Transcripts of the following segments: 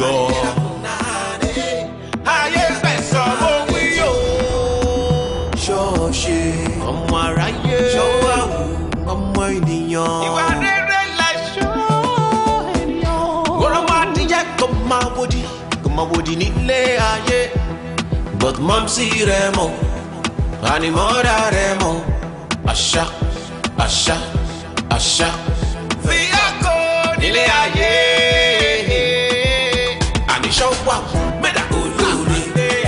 yọ. ayé fẹsọ̀ mo wí yò. ṣọ́ọ̀ṣe ọmọ aráyé ṣọ́wọ́ ọmọ ènìyàn. ìwà rere lẹ̀ṣọ́ ènìyàn. kọ́rọ́mọ adìyẹ kò máa wòdì kò máa wòdì nílé ayé. but mọ́mísì rẹ̀ mọ̀ ànìmọ́ra rẹ̀ mọ̀ àṣà àṣà àṣà. fi àkọ́ nílé ayé àníṣọ́ wà mẹ́ta olóore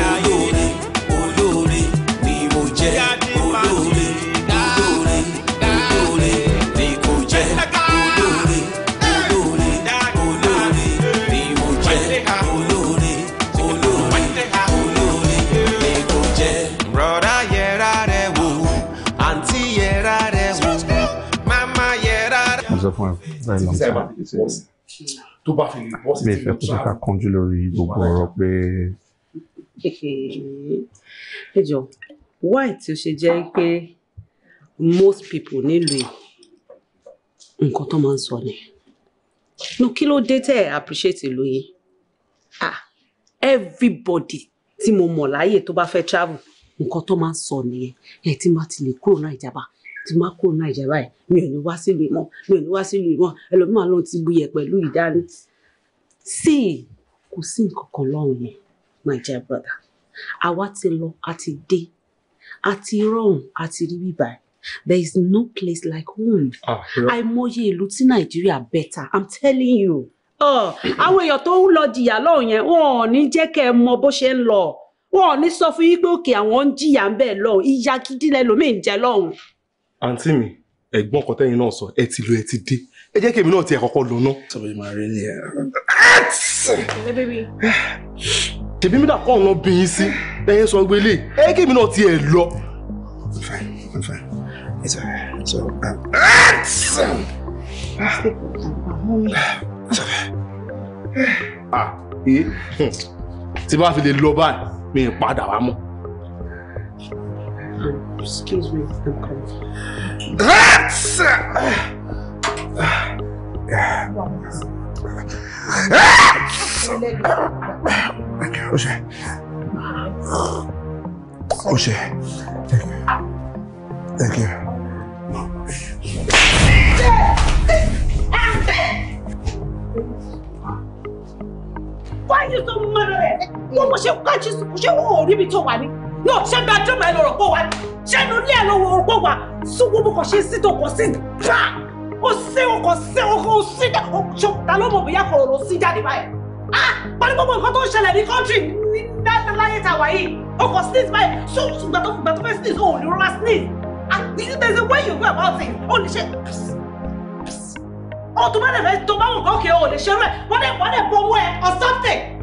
olóore olóore ni mo jẹ́ olóore olóore olóore ni kò jẹ́ olóore olóore olóore ni mo jẹ́ olóore olóore olóore ni kò jẹ́. broda yẹra rẹ wò àǹtí yẹra rẹ wò mama yẹra rẹ. mo tó bá fi lè bọ́ sí ti lè travel. mi ò fẹ́ kó ṣe ká kánjú lórí gbogbo ọ̀rọ̀ pé. ẹ jọ why tí ó ṣe jẹ́ pé most people nílùú nǹkan tó máa ń sọ ni no kí ló dé tẹ́ ẹ appreciate ìlú yìí ah everybody tí mo mọ̀ láyè tó bá fẹ́ travel nǹkan tó máa ń sọ nìyẹn ẹ tí má ti lè kúrò náà ìjàmbá tí má kó nàìjà báyìí mi ò ní wá sílùú ìmọ̀ mi ò ní wá sílùú ìmọ̀ ẹlòmíà ló ń ti bu yẹ ìdání. sí kò sí nǹkan kan lọ́rùn yẹn my dear brother àwa ti lọ a ti dé a ti rọrùn a ti rí bíbá there is no place like home ah, àìmọye ìlú tí nàìjíríà better i'm telling you oh, àwọn èèyàn tó ń lọ jìyà lọ́hùn yẹn wọn ò ní jẹ́ kẹ́ ẹ mọ bó ṣe ń lọ wọn ò ní sọ fún yín pé òkè àwọn ń jìyà ń bẹ̀ lọ́hùn ìyà gidi lẹ́lòmíì ń jẹ lọ́hùn àǹtí mi ẹ̀gbọ́n ọkọ tẹ́yìn náà sọ ẹ ti lọ ẹ ti dé ẹ jẹ́ kí èmi náà ti ẹ̀ kọ́kọ́ lọ náà. sọ̀rọ̀ yìí máa rí ni ẹ. tèmi mi dàpọ̀ ọ̀nà bí yín sí ẹ̀yìn sọ gbélé ẹ jẹ́ kí èmi náà ti ẹ̀ lọ. ah ee eh. tí bá fi lè lọ báyìí mi ì padà wá mọ́ and excuse me, I'm confused. That's. Uh, Oṣé. Oṣé. Thank you. Thank you. Why are you so mad at me? Mo mo ṣe ká Jésù, ṣé o ò rí mi tó wà ní? no ṣé bedroom ẹ lọ̀rọ̀ pọ̀ wá ṣé inú ilé ẹ lọ̀rọ̀ pọ̀ wá sùnwó mo kàn ṣe sit tó kàn sí pa ó sí ó kàn sit ó kàn sí ṣe ta ló mọ̀ bóyá kò sit sí jáde báyìí ah pẹ̀lú gbogbo nǹkan tó ń ṣẹlẹ̀ ní country ní láyé ta wáyé ó kàn sneeze báyìí so ìgbà tó ìgbà tó fẹ́ sneeze ó ní rọra sneeze ah there is a way you go about it ó ní ṣe ó tó bá lè to tó bá wọn kọ́ kí ó lè ṣe rẹ̀ wọ́n lè wọ́n lè bọ́ owó ẹ̀ or something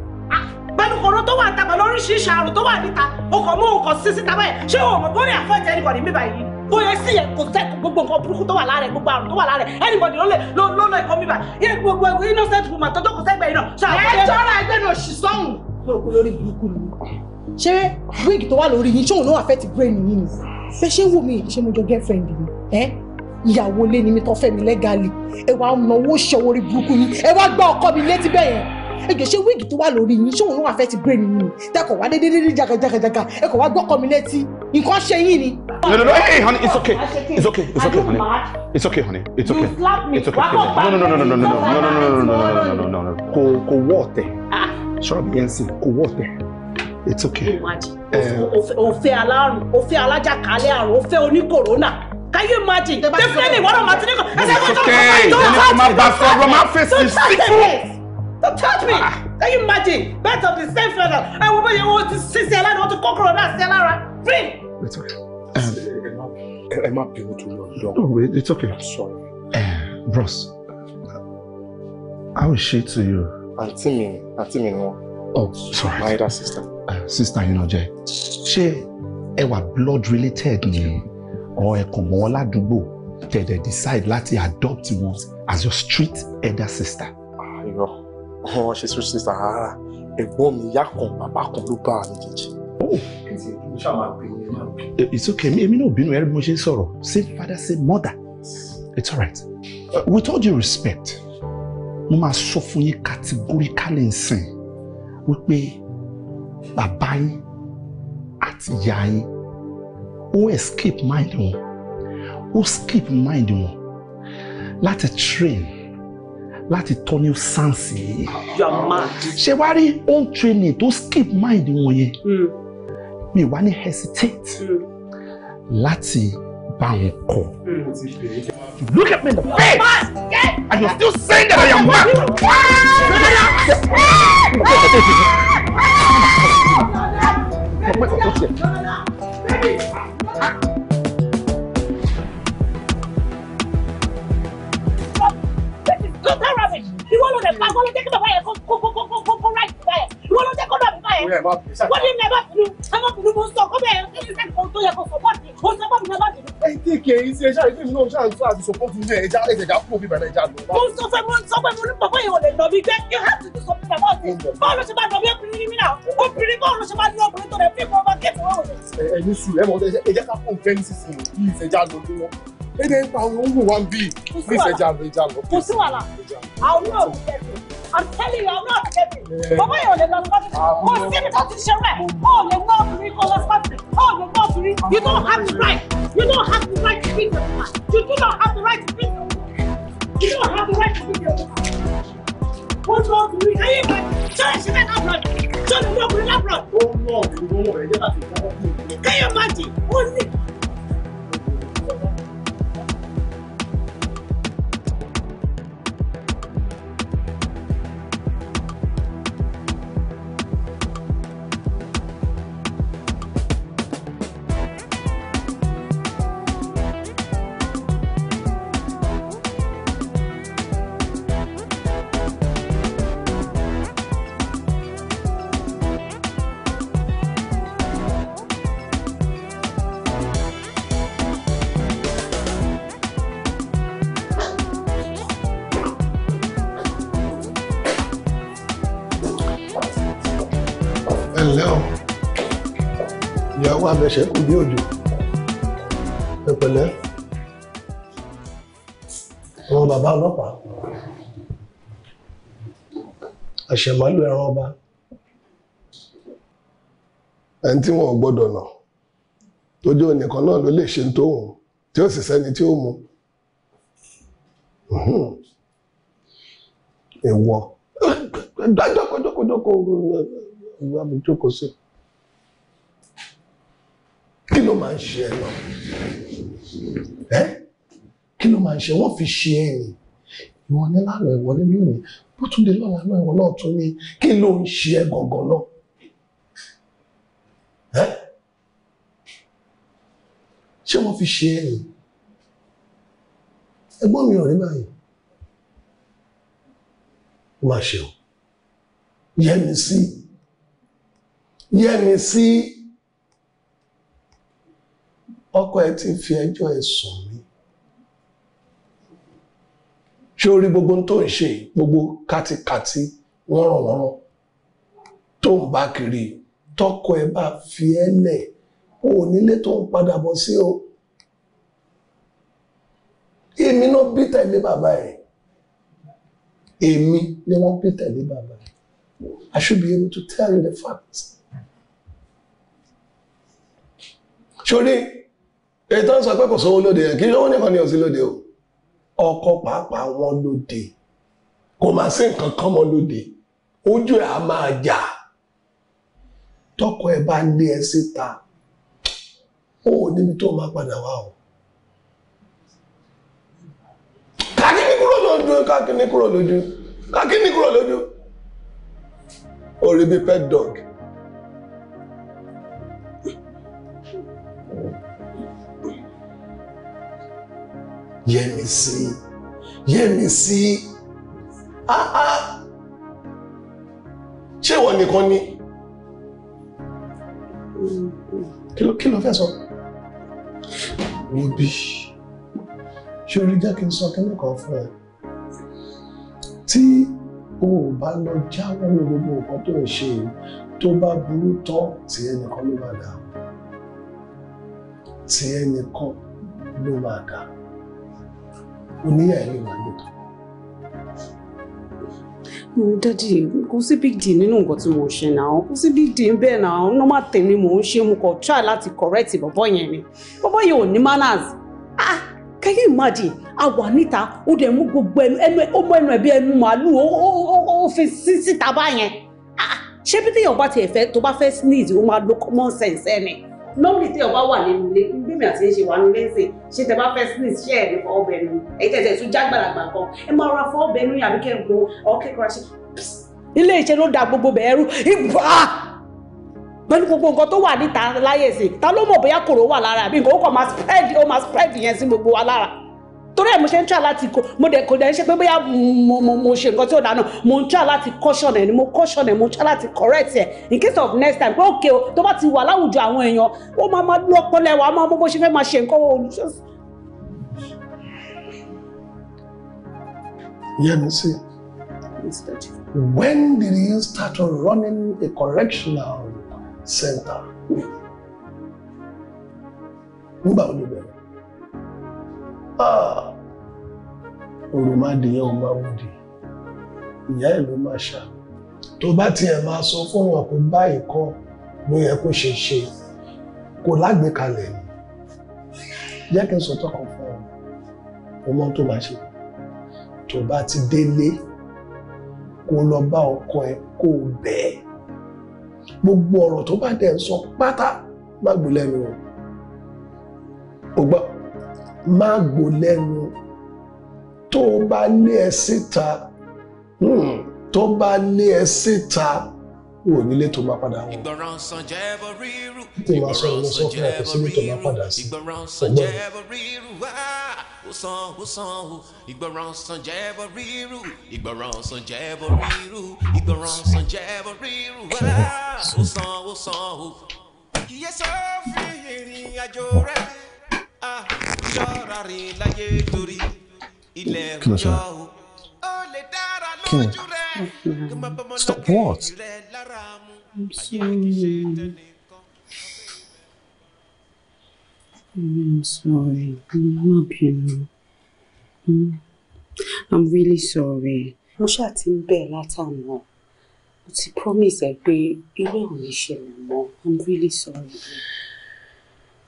pẹ̀lú kòró tó wà níta pẹ̀lú àrùn tó wà níta o mú nǹkan sí síta ṣé o mọ̀ bóyá àfọ̀jẹ̀ anybody mi báyìí o sí yẹ kò sẹ́kù gbogbo nǹkan burúkú tó wà lára gbogbo àrùn tó wà lára ẹ̀ anybody ló lè ló ló lọ ìkọ́ mi bá yẹ gbogbo innocent woman tó jókòó sẹ́gbẹ̀ẹ́ iná. ẹ jọra ẹgbẹ́ náà ṣì sọ́hùn. lórí lórí yín ìyàwó lé ni mi tó fẹ́ mi lẹ́gàlì ẹ wá náwó ṣọwọ́rí burúkú yín ẹ wá gbá ọkọ mi létí bẹ́ẹ̀ yẹn ẹjọ ṣé wíìgì tó wà lórí yín ṣé òun náà affect brain yín ni tẹkọ̀ wá dédé dédé jagajaga ẹ kọ̀ wá gbọ́kọ̀ mi létí nǹkan ṣe yín ni. no no no hey honey it's okay it's okay it's okay honey it's okay honey it's okay it's okay no no no no no no no no no no no no no no kò kò wọ́ ọ̀tẹ̀ ṣọ́ọ̀bù yẹn sìn kò wọ́ ọ̀tẹ̀ it's okay. òfé alárùn òfé alájàkálẹ̀ àrùn òfé oníkòrónà can you imagine definitely one of my tinikan ẹsẹ tó tó tó tó tó tó tó tó tó tó tó tó tó tó tó tó Don't touch me! Ah. Can you imagine? Birth of the same feather. I will be able to see Sierra, want to conquer that Sierra. Free! It's okay. Um, I might be able to run down. No, wait, it's okay. I'm sorry. Uh, eh, Bros, I will share to you. Auntie mi, auntie me no. Oh, sorry. My other sister. Uh, sister, you know, Jay. She, our blood related me, or a komola mọ́ ládùúgbò tẹ̀dẹ̀ decide láti adopt wọn as your street elder sister. Oh, ṣe sweet sister rárá ah, ẹ̀gbọ́n mi ìyá kan bàbá kan ló bá mi jẹjẹ. Oh. Eh, it's okay èmi náà bínú ẹrí bí mo ṣe ń sọ̀rọ̀ same father same mother it's alright uh, with all due respect mo máa sọ fún yín categorically nsìn wípé bàbá yín àti ìyá yín ó escape mind wọn ó skip mind wọn láti train láti tọ́ ní sáǹsì yìí. ṣé wá rí own training tó skip mind wọn yẹn hmm. mi wá ní hesitate hmm. láti bá wọn kọ. Hmm. look at me in the face and you still saying that I am mad. Baby! ìwọ ló lè pa ìwọ ló jẹ́ kí bàbá yẹn kó ráìtì bá yẹn ìwọ ló jẹ́ kó lọ bíbá yẹn wọ́n ní mẹ́bà bínú ẹ̀mọ́ bínú mo sọ kó bẹ́ẹ̀ kí ṣe kó tó yẹ kó sọ bọ́ọ̀dì mo sọ bọ́ọ̀dì mẹ́bà bínú. ẹ ti kè é ṣe ṣáà ìdí mi náà ṣáà ń sọ àti sọpọ́ fún mi ẹja ẹja kúrò bíbẹ̀ náà ẹja lọ. mo sọ fẹ́ mo sọ pé mo ní bàbá yẹn ò nọ mi gbẹ you have to do something about it báwo ló ṣe máa nọ nọ obìnrin ẹ èdè ń pa àwọn òwò wa ń bí please ẹja àmì ìjà lọ. kò sí wàhálà àwọn náà ti jẹ bi i'm telling you i'm not kidding eh. bàbá yẹn ò lè lọ sí pàṣẹ ah, kò sí ibi tó ti ṣe rẹ ó lè gbọ́ obìnrin kó lọ sí ó lè gbọ́ obìnrin you don't have the right you don't have the right to be the woman you do not have the right to be the woman you don't have the right to be the woman ó lọ obìnrin ayé ìgbà tó lè ṣe bẹ́ẹ̀ lábúrò tó lè lọ obìnrin lábúrò. ó lọ obìnrin lọ́wọ́ kẹ́yọ̀ máa dì ó ní. ẹsẹ̀ kù ní òde ẹ pẹ̀lẹ́ àwọn bàbá ọlọ́pàá àṣẹmálù ẹran ọba ẹni tí wọn ò gbọ́dọ̀ nà tójú onìkan náà ló lè ṣe ń tó òun tí ó sì sẹ́ni tí ó mu ìwọ jókòó jókòó jókòó jókòó sí i máa ń ṣe ẹ lọ ẹ kí ló máa ń ṣe wọ́n fi ṣe ẹ ni ìwọ ní lánàá ìwọ ní lónìí bó tún dé lọ́la náà ìwọ náà tún ní kí ló ń ṣe ẹ gangan náà ẹ ṣé wọ́n fi ṣe ẹ ni ẹ̀gbọ́n mi ò rí báyìí ó máa ṣe o yẹ mi sí yẹ mi sí ọkọ ẹ ti fi ẹjọ́ ẹ sùn mí ṣé orí gbogbo tó ń ṣe gbogbo kátikàti wọ́nrọ̀wọ́nrọ̀ tó ń bá kiri tọkọ ẹ bá fi ẹ lẹ̀ o nílé tó ń padà bọ̀ sí o èmi náà bí tẹ̀lé bàbá ẹ̀ èmi ni wọ́n bí tẹ̀lé bàbá ẹ̀ I should be able to tell you the facts. Ṣorí èyí tó ń sọ pé kò sówó lóde yẹn kí lówó nìkan ni ò sí lóde o ọkọ pàápàá wọn lóde kò máa sí nǹkan kan mọ́ lóde ojú ẹ̀ á máa jà tọkọ ẹ bá lé ẹ síta ó níbi tó máa padà wá o. kàkíní kúrò lójú kàkíní kúrò lójú kàkíní kúrò lójú orí bíi pet dog. Yẹ́misí Yẹ́misí ah ah ṣé ìwọ nìkan ni kí ló fẹ́ sọ níbi ṣé orí jẹ́ kí n sọ kíní kan fún ẹ tí o ò bá lọ jáwọ́ ní gbogbo nǹkan tó ń ṣe tó bá burú tọ́ tí ẹnìkan ló máa dà tí ẹnìkan ló máa dà oníyà ẹ̀ lè wà lóòótọ́. mo dádì kò sí big deal nínú nǹkan tí mo ṣe náà kò sí big deal bẹ́ẹ̀ náà normal tèmi mò ń ṣe mo kàn try láti correct bọ̀bọ̀ yẹn ni bọ̀bọ̀ yẹn ò ní manners ah can you imagine a wà níta ó dẹ̀ mú gbogbo ẹnu ẹnu ó mú ẹnu ẹ̀ bí ẹnu màálùú ó fi sí síta báyẹn ah, ṣé bí téèyàn bá tiẹ̀ fẹ́ tó bá fẹ́ sneeze ó máa lo common sense ẹni. Eh, lórí tí ọba wà nínú ilé bí mi àti ẹ ṣe wà nílé ṣe ṣe tẹ bá fẹ́ sneeze ṣe ẹ ní fọ ọbẹ nu èyí tẹsẹ tún jágbàlagbà kan ẹ máa ra fọ ọbẹ nu yàrá kẹgbọn ọkẹkọrọ ṣe. ilé iṣẹ́ ló da gbogbo bẹ̀ẹ́rù ibà pẹ̀lú gbogbo nǹkan tó wà níta láyè sí ta ló mọ̀ bóyá kòró wà lára àbí nǹkan ó kàn máa spread ó máa spread yẹn sí gbogbo wa lára torí ẹ̀ mo ṣe ń tra láti kó mo dẹ̀ kò dẹ̀ ṣe pé bóyá mo mo mo ṣe nǹkan tí ò dáa mo ń tra láti caution ẹ̀ ni mo caution ẹ̀ mo ń tra láti correct ẹ̀ in case of next time pé òkè o tó bá ti wà láwùjọ àwọn èèyàn ó máa máa lọ ọpọlọ ẹwà máa mọ bó ṣe fẹ́ máa ṣe nǹkan wọn. Yemisi, when did you start running a correctional center? Nígbà wo ló bẹ̀rẹ̀? òrò ah. má dé yẹn ò máa wòdì ìyá ẹ̀ ló máa ṣà tó bá tiẹ̀ máa sọ fún wọn pé báyìí kọ́ ló yẹ kó ṣe ṣe kò lágbèékalẹ̀ ni jẹ́ kí n sọ tọkàn fún ọ o mọ tó máa ṣe tó bá ti délé kó lọ bá ọkọ ẹ kó bẹ́ẹ̀ gbogbo ọ̀rọ̀ tó bá dẹ̀ ń sọ pátá má gbé lẹ́nu o gbọ́ má gbò lẹ́nu tó bá lé ẹ síta hmm, tó bá lé ẹ síta wò nílé tó bá padà wọn. ìgbọràn sàn jẹ́ bọ̀ rírù. tí màá sọ ìwé sọ fún ẹ̀kọ́ sílé tó bá padà sí. ìgbọràn sàn jẹ́ bọ̀ rírù wá ó sàn ó sàn ó ìgbọràn sàn jẹ́ bọ̀ rírù ìgbọràn sàn jẹ́ wá ó ṣọ́ra rìn láyé torí ilẹ̀ rújọ́ o. ó lè I'm sorry. I'm not you. Mm. I'm really sorry. Mo ṣáà ti ń bẹ̀ látàná. Mo ti promise ẹ pé irú ẹ̀ ò I'm really sorry.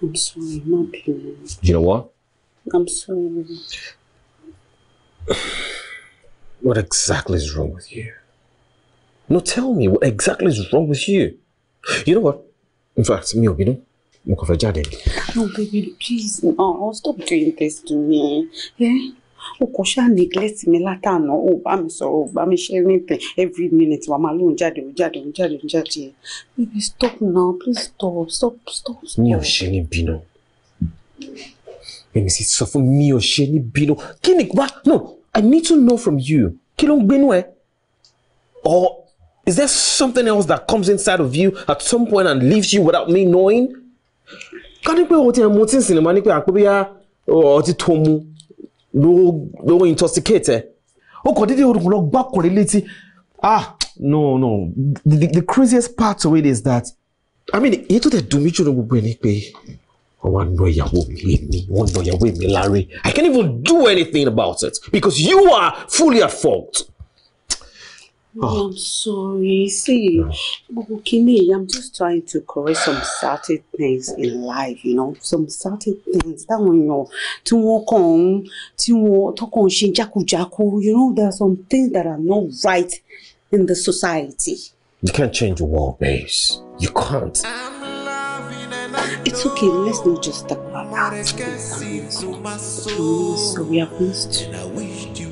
I'm sorry. Má bínú. You know what? I'm sorry. What exactly is wrong with you? No, tell me, what exactly is wrong with you? You know what? In fact, me, you know, mo kàn fẹ́ No, baby, please, no, oh, oh, stop doing this to me. Yeah? o kò ṣáà neglect mi látànà o bá I'm sọ̀rọ̀ o bá mi anything every minute wàá máa lóun jáde o jáde o baby stop now please stop stop stop. mi ò ṣe ní bínú Mímí sì sọ fún mi ò ṣe ní bínú. Kí ni wá? No, I need to know from you. Kí ló ń gbénú ẹ? Or is there something else that comes inside of you at some point and leaves you without me knowing? Ká ní pé o ti ẹ̀ mu tí ń sinimá ní pé àpé bóyá ọtí tó mu ló ló intoxicate ẹ. O kò dédé orúkọ lọ gbọ́kùnrin létí. Ah no no the, the, the craziest part of it is that I mean èyí tó tẹ̀ dùn mí jù lọ gbogbo ẹ̀ ni pé. I won't wá ná ìyàwó mi lé mi wọ́n ná ìyàwó me, Larry. I can't even do anything about it because you are fully at fault. Oh. I'm sorry. See, Bukini, I'm just trying to correct some certain things in life, you know, some certain things that when you're tí wọ́n kàn tí wọ́n tó kàn ṣe jákujàku, you know, there are some things that are not right in the society. You can't change the world, babes. You can't. Um, It's okay, let's not just talk about that. Please, so we have missed you.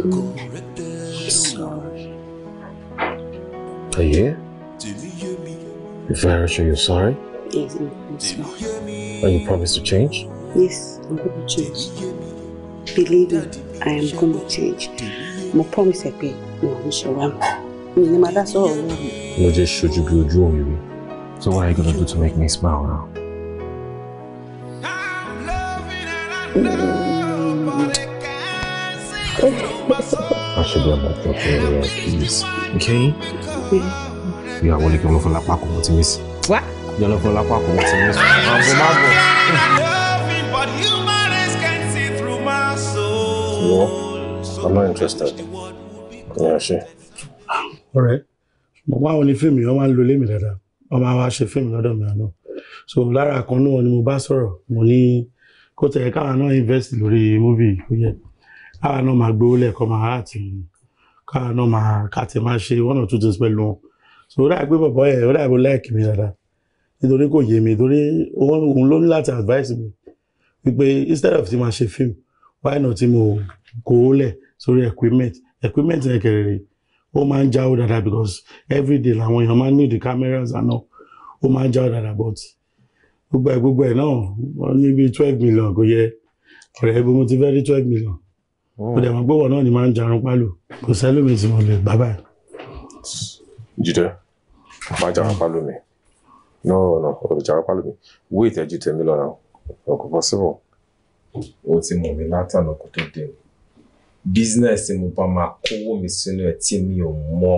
Mm. I'm sorry. Are you here? You're very sure you're sorry? Yes, I'm sorry. Are you promised to change? Yes, I'm going to change. Believe me, I am going to change. Mo promise I pay. No, I'm sure. I'm. Mo ní ma dá sọ̀rọ̀ lórí. Mo jẹ́ ṣojú bí ojú òun So what are you gonna do to make me smile now? I should be about to pay please. Okay? You are only going for la paco what you miss. What? You're not for la paco what you miss. I'm for Margo. No, I'm not interested. Yeah, sure. All right. But why wọn ní fíìmù yẹn wọ́n máa ń me lémi dáadáa wọ́n máa ṣe fíìmù lọ́dọ̀ mi so lára kan náà ni mo bá sọ̀rọ̀ mo ní kó tẹ̀ káwa náà invest lórí múvì ó yẹ káwa náà máa gbowó lẹ́ẹ̀kọ́ máa àti káwa náà máa kàtí máa ṣe one or two things pẹ̀lú wọn so ó dàgbé bọ̀bọ̀ yẹn ó dàgbé láìkì mi dáadáa nítorí kò yé mi nítorí òun ló ní láti advice mi wípé instead of ti máa ṣe fíìmù why not ti mo kó lẹ̀ sórí equipment equipment yẹn kẹrẹ̀rẹ̀ ó máa ń jáwó dáadáa because everyday làwọn èèyàn máa ń need the cameras and all ó máa ń jáwó dáadáa but gbogbo ẹ̀ gbogbo ẹ̀ náà wọ́n ní bíi twelve million kò yẹ ọ̀rẹ́ ibi mo ti fẹ́ rí twelve million ó dẹ̀ mọ̀ pé wọ́n náà ni máa ń jarun pálò kò sẹ́lómi tí mo lè gbá báyìí. jíde má jarun pálò mi no no o lè jarun pálò mi wé ìtẹ́jú tèmi lọ́nà ọkọ̀ possible. o ti mọ̀ mi látànà kó tó dé mi. business mu pa ma kowo mi sinu ẹ tí mi ò mọ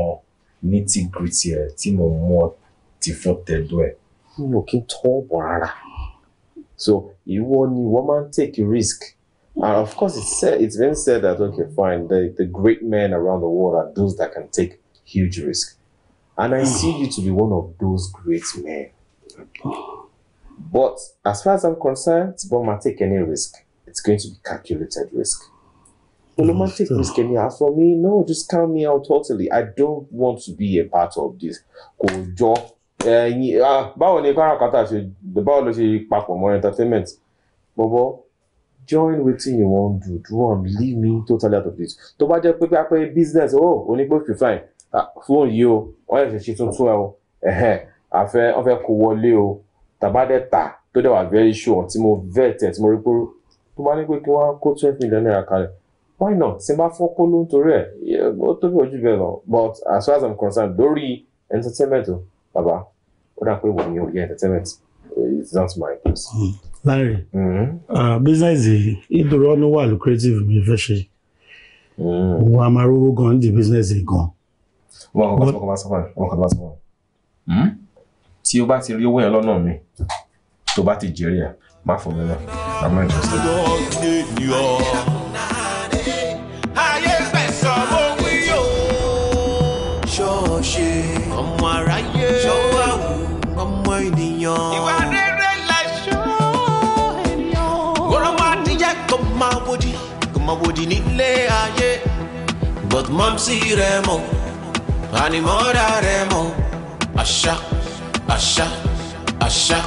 nitty gritty ẹ tí mo mọ tìfọ tẹdọ ẹ. mi kí tọ́ bọ̀ so ìwọ ni ìwọ woman take risk and of course it's said it's been said that okay fine the the great men around the world are those that can take huge risk and I see you to be one of those great men but as far as I'm concerned gonna take any risk it's going to be calculated risk. The romantic Miss Kenya, for me, no, just count me out totally. I don't want to be a part of this. Kò jọ ẹyin eh, ah, báwo ni káràkátà ṣe báwo ló ṣe papọ̀ mọ́ entertainment? Bọ̀bọ̀ join wetin you want to do and leave me totally out of this. To bá jẹ́ pé pé business Oh, ò ní pé fi fine fóònù ah, yìí o wọ́n ṣẹ̀ṣẹ̀ ṣe tuntun ẹ I àfẹ́ wọ́n fẹ́ kó wọlé o tàbádẹ́ta tó very short. tí mo vet ẹ̀ tí mo rí pé tó bá ní pé kí wọ́n kó twelve million naira why not tí n bá fọ́ kó ló ń torí ẹ̀ ó tóbi ojú bẹ́ẹ̀ lọ but as far as i'm concerned lórí entertainment o bàbá ó dà pé wọ́n ní òye entertainment it's not my place. Larry business yìí ìdúró ọ̀nà wà lucrative mi fẹ́ ṣe òun a máa rówó gan di business yìí gan. wọn kò tó bá sọ fún ẹ wọn kò tó bá sọ fún ẹ tí o bá ti rí owó yẹn lọ́nà mi tó bá ti jèrè ẹ̀ má fò mí lọ i'm not interested. Di nílé ayé but mọ́mísì rẹ̀ mọ̀ ànìmọ́ra rẹ̀ mọ̀ àṣà àṣà àṣà.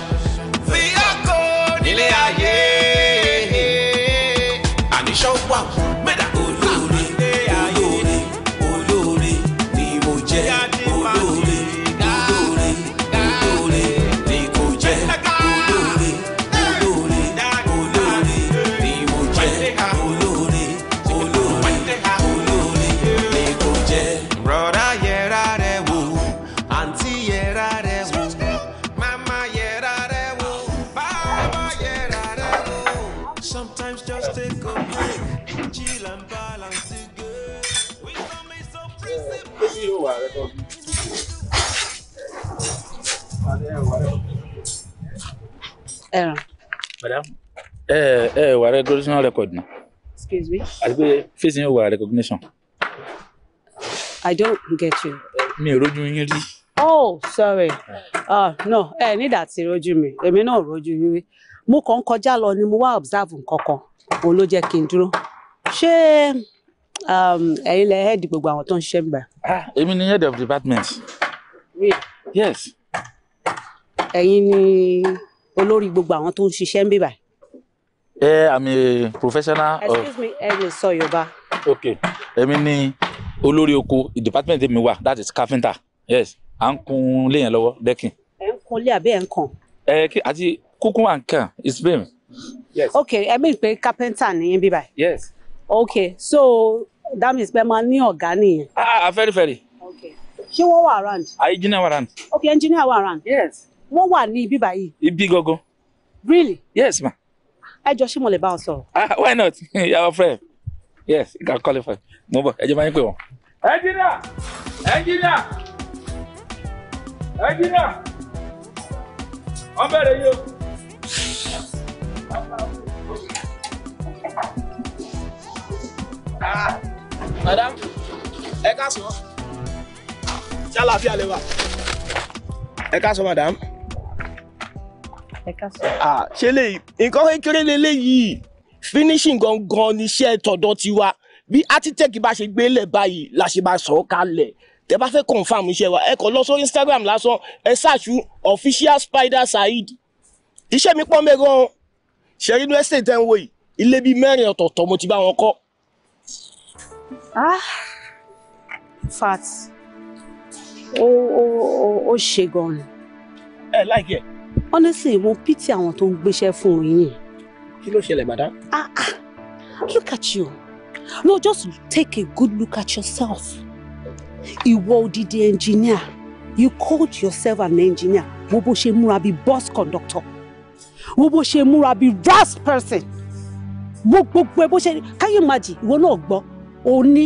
record ni. excuse me. àti pé facing your recognition. i don't get you. Me ò rojú yín oh sorry uh, no ẹ ní ìdàtí rojú mi èmi náà rojú yín rí mo kàn ń lo ni mo wá observe nǹkan kan òun ló jẹ́ kí n dúró ṣé um, ẹ̀yin lẹ head gbogbo àwọn tó ń ṣiṣẹ́ gbà. Ah, èmi ni head of department. Really? yes. ẹ̀yin ni olórí gbogbo àwọn tó ń ṣiṣẹ́ ń Yeah, I'm a professional. Excuse me, Ẹni sọ Yorùbá. Okay. Èmi ni olórí oko department mi wà that is carpenter. Yes. À ń kun ilé yẹn lọ́wọ́ dẹ́kin. Ẹ ń kun ilé àbí ẹ̀ ń is bẹ́ẹ̀ mi. Yes. Okay, ẹ mi carpenter ni yín bí báyìí. Yes. Okay, so that means pé máa ní ọ̀gá nìyẹn. Ah, ah, very very. Okay. Ṣé wọ́n wà around? Àyè ah, engineer wà around. Okay, engineer wà around. Yes. Wọ́n wà ní ibi báyìí. Ibi gangan. Really? Yes ma ẹ jọ ṣé mo lè bá ọ sọ̀rọ̀. Ah, why not our friend yes you can qualify mo bọ ẹ jẹ máa ń pè wọn. ẹnjìnà ẹnjìnà ẹnjìnà wọn bẹ̀rẹ̀ yìí madam ẹ ká sọ ṣé àlàáfíà lè wà. ẹ ká sọ madam ṣe lè nǹkan kékeré lélẹ́yìí finishing gangan níṣẹ́ tọ̀dọ̀ tiwa bí architect bá ṣe gbélé báyìí la ṣe máa sọ̀ kalẹ̀ tẹ bá fẹ́ confam iṣẹ́ wa ẹ kàn lọ sórí Instagram lásán ẹ ṣáàṣù official spider saheed iṣẹ́ mi pọ́n mẹ́rin ọ̀hún ṣẹ̀rí inú estate tẹ́ ń wò yìí ilé bíi mẹ́rin ọ̀tọ̀ọ̀tọ̀ mo ti bá wọn kọ́. Ah, fat O o o ṣe gan-an. ẹ láìkẹ́. Like honestly mo pity àwọn tó ń gbéṣẹ́ fún yín. kí ló ṣẹlẹ̀ madam. ah ah look at you no just take a good look at yourself ìwọ odidi engineer you called yourself an engineer wo bó ṣe múra bíi bus conductor wo bó ṣe múra bíi ras person wo gbogbo ẹ bó ṣe káyé màjì ìwọ náà gbọ́ o ní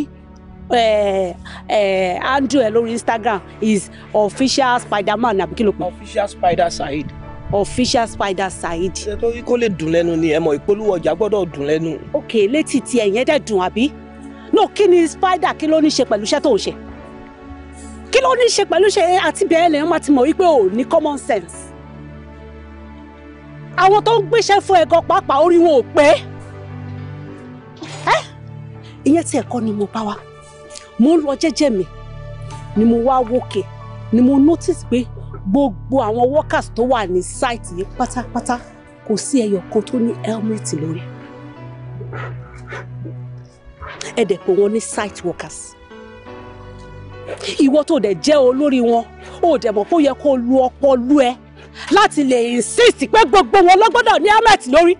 andrew ẹ instagram is official spiderman àbí kí official spider Side official spider saheed. ṣe torí kó lè dùn lẹ́nu ni ẹ mọ̀ ìpolówó ọjà gbọ́dọ̀ dùn lẹ́nu. ok létí ti ẹ̀yẹn dẹ̀ dùn àbí no kí ni spider kí ló ní ṣe pẹ̀lú iṣẹ́ tó ń ṣe kí ló ní ṣe pẹ̀lú iṣẹ́ àti bẹ́ẹ̀ lèèyàn máa ti mọ̀ wípé ò ní common sense àwọn tó ń gbéṣẹ́ fún ẹ̀gọ́ pàápàá orí wọn ò pé ẹ́ ìyẹn tí ẹ̀kọ́ ni mo bá wa mo ń lọ jẹ́jẹ́ mi ni mo wá wòkè ni mo notice pé gbogbo àwọn workers tó wà ní site yìí pátápátá kò sí ẹyọ kan tó ní helmet lórí ẹ pé wọ́n ní site workers ìwọ tó dẹ̀ jẹ́ olórí wọn ó dẹ̀ mọ̀ pé ó yẹ kó lu ọpọlú ẹ láti lè insist pé gbogbo wọn ló gbọ́dọ̀ ní helmet lórí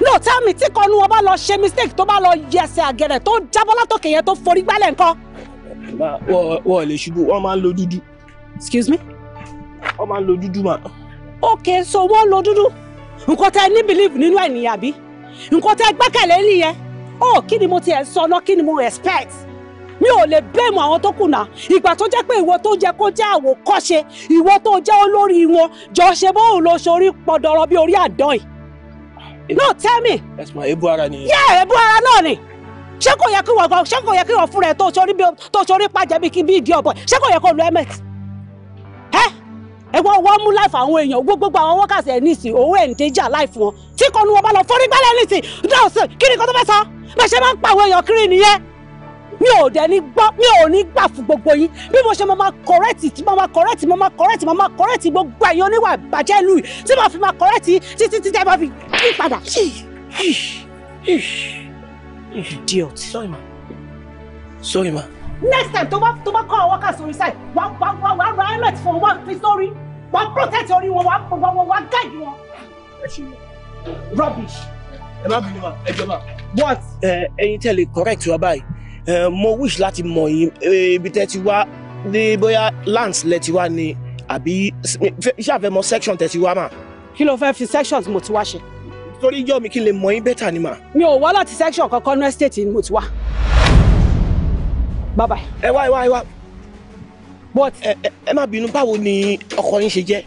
no tell me tí kan nu wọn bá lọ ṣe mistake tó bá lọ yẹsẹ̀ àgẹ̀rẹ̀ tó jábọ́ látòkè yẹn tó forí gbálẹ̀ nǹkan. wọn ò lè ṣubú wọn máa ń lo dúdú. excuse me ọ máa ń lo dúdú mà. okay so wọ́n lo dúdú nǹkan tẹ ní belief nínú ẹ̀ nìyà bí nǹkan tẹ gbẹ́kẹ̀lé nìyẹn oh kí ni mo ti ẹ̀ sọ náà kí ni mo respect mi ò lè blame àwọn tó kùnà ìgbà tó jẹ́ pé ìwọ tó jẹ́ kó jẹ́ àwòkọ́ṣe ìwọ tó jẹ́ olórí wọn jọ ṣe bó lọ sórí pọ̀dọ̀rọ̀ bí orí àdán yìí. no tell me. ẹ̀sùn èébú ara ni. yẹ́ èébú ara náà ni ṣé kò yẹ kí wọ́n gan ṣé kò yẹ kí wọ́n fúnra ẹ̀ tó sórí pàjẹ́ bí kí bí ìdí ọ̀bọ̀ ṣé kò yẹ kó lu helmet. ẹ́ ẹ wọ́n wọ́n mú láìfù àwọn èèyàn gbogbo àwọn wọ́kàsì ẹ̀ nísìn owó ẹ̀ ń déjà láìfù wọn tí kò nu wọn bá lọ forí gbálẹ̀ nísìn dọ́ọ̀sì kí ni kò tó fẹ́ sọ bẹ́ẹ̀ ṣe máa ń pa àwọn èèyàn kiri nìyẹn mi ò dẹ̀ ní gbọ́ mi ò ní gbà fún gbogbo yín bí mo ṣe mo máa kọ̀rẹ́tì tí mo máa kọ̀rẹ́tì mo máa kọ̀rẹ́tì mo máa kọ̀rẹ́tì gbogbo ẹ̀yin oníwà ìbàjẹ́ ìlú yìí tí mo fi máa kọ̀rẹ́tì títí títí ẹ bá fi yí padà. idiot. sorry ma sorry ma. next time tó bá tó bá kọ́ àwọn workers orí side wà á helmet fún wa fi sórí wa protect orí wọn wa gbogbo wọn wa guide wọn. ẹ ṣe rubbish. What? má bínú ma ẹ jọ ma. what ẹ̀yin tẹ́lẹ̀ correct wa báyìí mo wish láti mọ̀ yín ibi tẹ́ ti wá ní bóyá lands lẹ ti wá ni àbí ṣàfẹ́ mọ̀ section tẹ́ ti wá mà. kí ló fẹ́ fi sections mo ti wá ṣe. torí ìjọ mi kí n lè mọ̀ yín bẹ́tà ni mà. mi ò wá láti section kankan ní estate ni mo ti wá. bye bye. ẹ wá ẹ wá ẹ wá but ẹ má bínú báwo ni ọkọ yín ṣe jẹ́.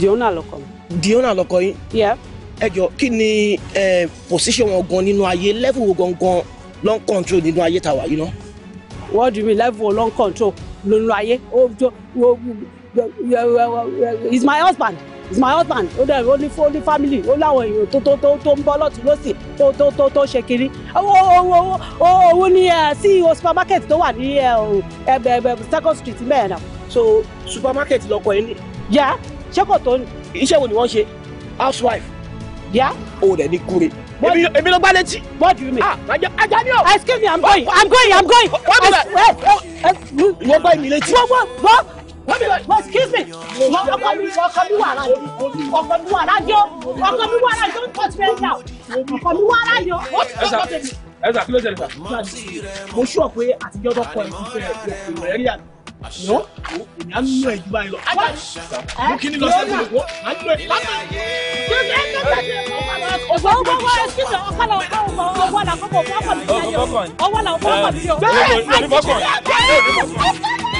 Diona lọkọ mi. Diona lọkọ yín. Yeah. ẹ jọ kí ni position wọn gan nínú ayé level wo gangan long control nínú ayé tá wà yìí ná. wọ́n dì mí level long control nínú ayé oh, he's my husband he's my husband ó dẹ̀ ó ní family ó láwọn èèyàn tó tó tó ń bọ́ lọ́tún lọ́sìn tó tó tó tó ṣe kiri owó owó owó owó ní eh, ceo supermarket tó wà ní ẹbẹ eh, eh, second street mẹ́rin náà. so supermarket lọkọ yẹn ni. yá ṣé kò tó ni. iṣẹ́ wo ni wọ́n ṣe housewife. yá. o rẹ̀ ní kure. èmi èmi ló gbá létí. what do you mean. ah ajá ajá ni o. excuse me i'm going i'm going i'm going. wọ́n bí bẹ́ẹ̀ wọ́n gbá èmi létí. wọ́n wọ́n wọ́n wọ́n mi wọ́n excuse me ọkọ mi ọkọ mi wà rájọ ọkọ mi wà rájọ ọkọ mi wà rájọ ń tọ́jú ẹ̀ ṣá ọkọ mi wà rájọ ó ti tọ́jú ẹ̀ ẹ̀sà kí ló ṣe ẹ̀sà. mo ṣọ pé àtijọ́ tó kọ ẹ̀sìn fẹ́ ìrọ̀lẹ́ rí àná yọ èmi á nù ẹ̀ jù báyìí lọ. mo kí ni lọ sẹ́yìn lòkó à ń nù ẹ̀ láti. ọ̀gbọ́n ọgbọ́n wa ẹ ṣíṣe ọ̀kadà ọ̀gbọ́n ọwọ́ làkọ́kọ́ ọ̀gbọ́n ọ̀gbọ́n mi ní ayé ọ̀wọ́ làkọ́kọ́ mi ní ọ̀wọ́ làkọ́kọ́ mi ní ọ̀wọ́ làkọ́kọ́ mi ní ọ̀wọ́ làkọ́kọ́ mi ní ọ̀wọ́ làkọ́kọ́ mi ní ọ̀wọ́ làkọ́kọ́ mi ní ọ̀wọ́ làkọ́kọ́ mi ní ọ̀wọ́ làkọ́kọ́ mi ní ọ̀wọ́ làkọ́kọ́ mi ní ọ̀wọ́ làkọ́kọ́ mi ní ọ̀wọ́ làkọ́kọ́ mi ní ọ̀wọ́ làkọ́kọ́ mi ní ọ̀wọ́ làkọ́kọ́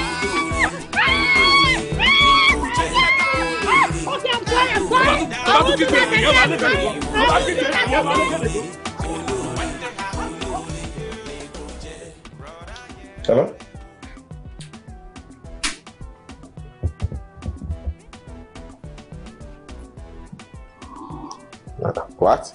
Hello? What?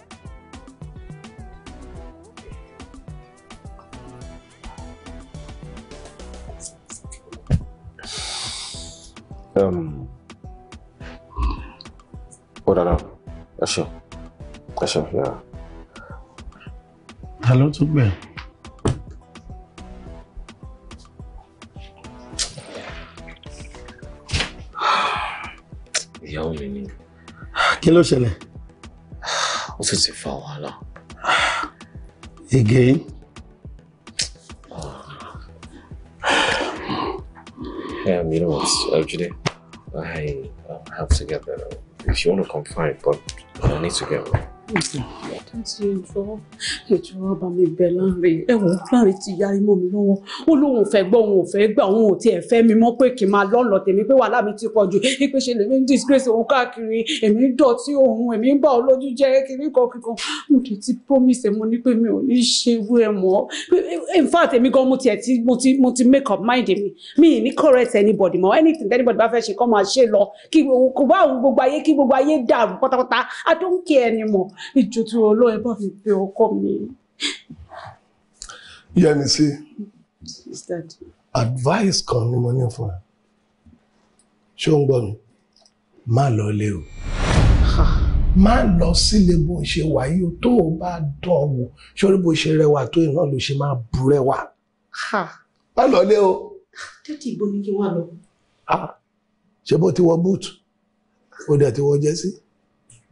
Um. ó dáadáa ẹ ṣeun ẹ ṣeun yàrá. ta ló tún gbẹ. ìyàwó mi ni. kí ló ṣẹlẹ̀. ó sì ti fa wàhálà. again. Yeah, you know what, Ojide? Uh, I have to get that out. if you want to confine, but I need to get one. àti ìjọ ìjọ bá mi bẹ láàrin ẹwọn láàrin ti yarí mọ́ mi lọ́wọ́ ó lóun fẹ́ gbọ́ òun ò fẹ́ gbà òun ò tiẹ̀ fẹ́ mi mọ́ pé kì í máa lọlọ tèmi pé wàhálà mi ti pọ̀ jù ipe ṣe lèmi ń disgrace òun káàkiri èmi ń dọ̀tí òun èmi ń bà ó jẹ́ kiri kankan mo ti ti promise mo ní pé mi ò ní ṣe irú ẹ̀ mọ́ in fact èmi gan mo tiẹ̀ ti mo ti make up mind mi mi ì ní correct anybody mọ́ anything anybody bá fẹ́ ṣe kọ́ máa ṣe lọ kí kò bá gbogbo ayé kí gbogbo ayé dàrú pátápátá I don't care anymore ìjọ tí wọn lọ́ọ́ ẹ bá fi pe ọkọ mi. Yẹ́misí advice kan ni mo ní fún ẹ ṣó ń gbọ́ mi má lọ lé o má lọ sílé bó ṣe wà yìí tó o bá dán o wò sórí bó ṣe rẹwà tó iná ló ṣe máa bu rẹwà má lọ lé o. tètè ìbò ni kí wọ́n lọ. ṣé bó ti wọ búùtù ó ti wọ jẹ́sí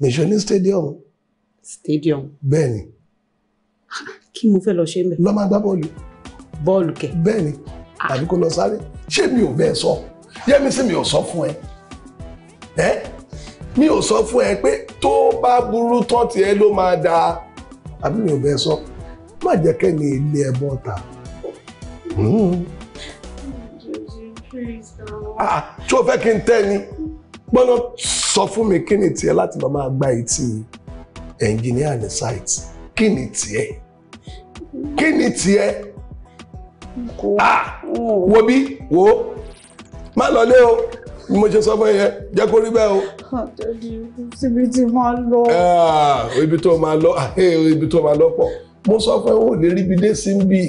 nìṣó ní stadium stadium. bẹ́ẹ̀ni. kí mo fẹ́ lọ ṣe mẹ́. lọ máa gbá bọ́ọ̀lù. bọ́ọ̀lù kẹ. bẹ́ẹ̀ni tàbí kó lọ sáré ṣé mi ò bẹ́ẹ̀ sọ yẹ́mi sí mi ò sọ fún ẹ ẹ́ mi ò sọ fún ẹ pé tó bá burú tán tiẹ̀ ló máa dáa àbí mi ò bẹ́ẹ̀ sọ má jẹ́ kẹ́ni ilé ẹ bọ́ ta. tí hmm. ah, o fẹ́ kí n tẹ́ ni gbọ́dọ̀ sọ fún mi kí ni tiẹ̀ láti lọ́ọ́ máa gba etí engineer ní site kí ni tiẹ̀ kí ni tiẹ̀ ah wo bí wo má lọ lé o bí mo ṣe sọ fún yẹn jẹ́ kó rí bẹ́ẹ̀ o. síbi tí máa lọ. Ah, ibi tó máa lọ ah, eh, ibi tó máa lọ pọ̀ mo sọ fún ẹ o lè ríbi dé sí ń bì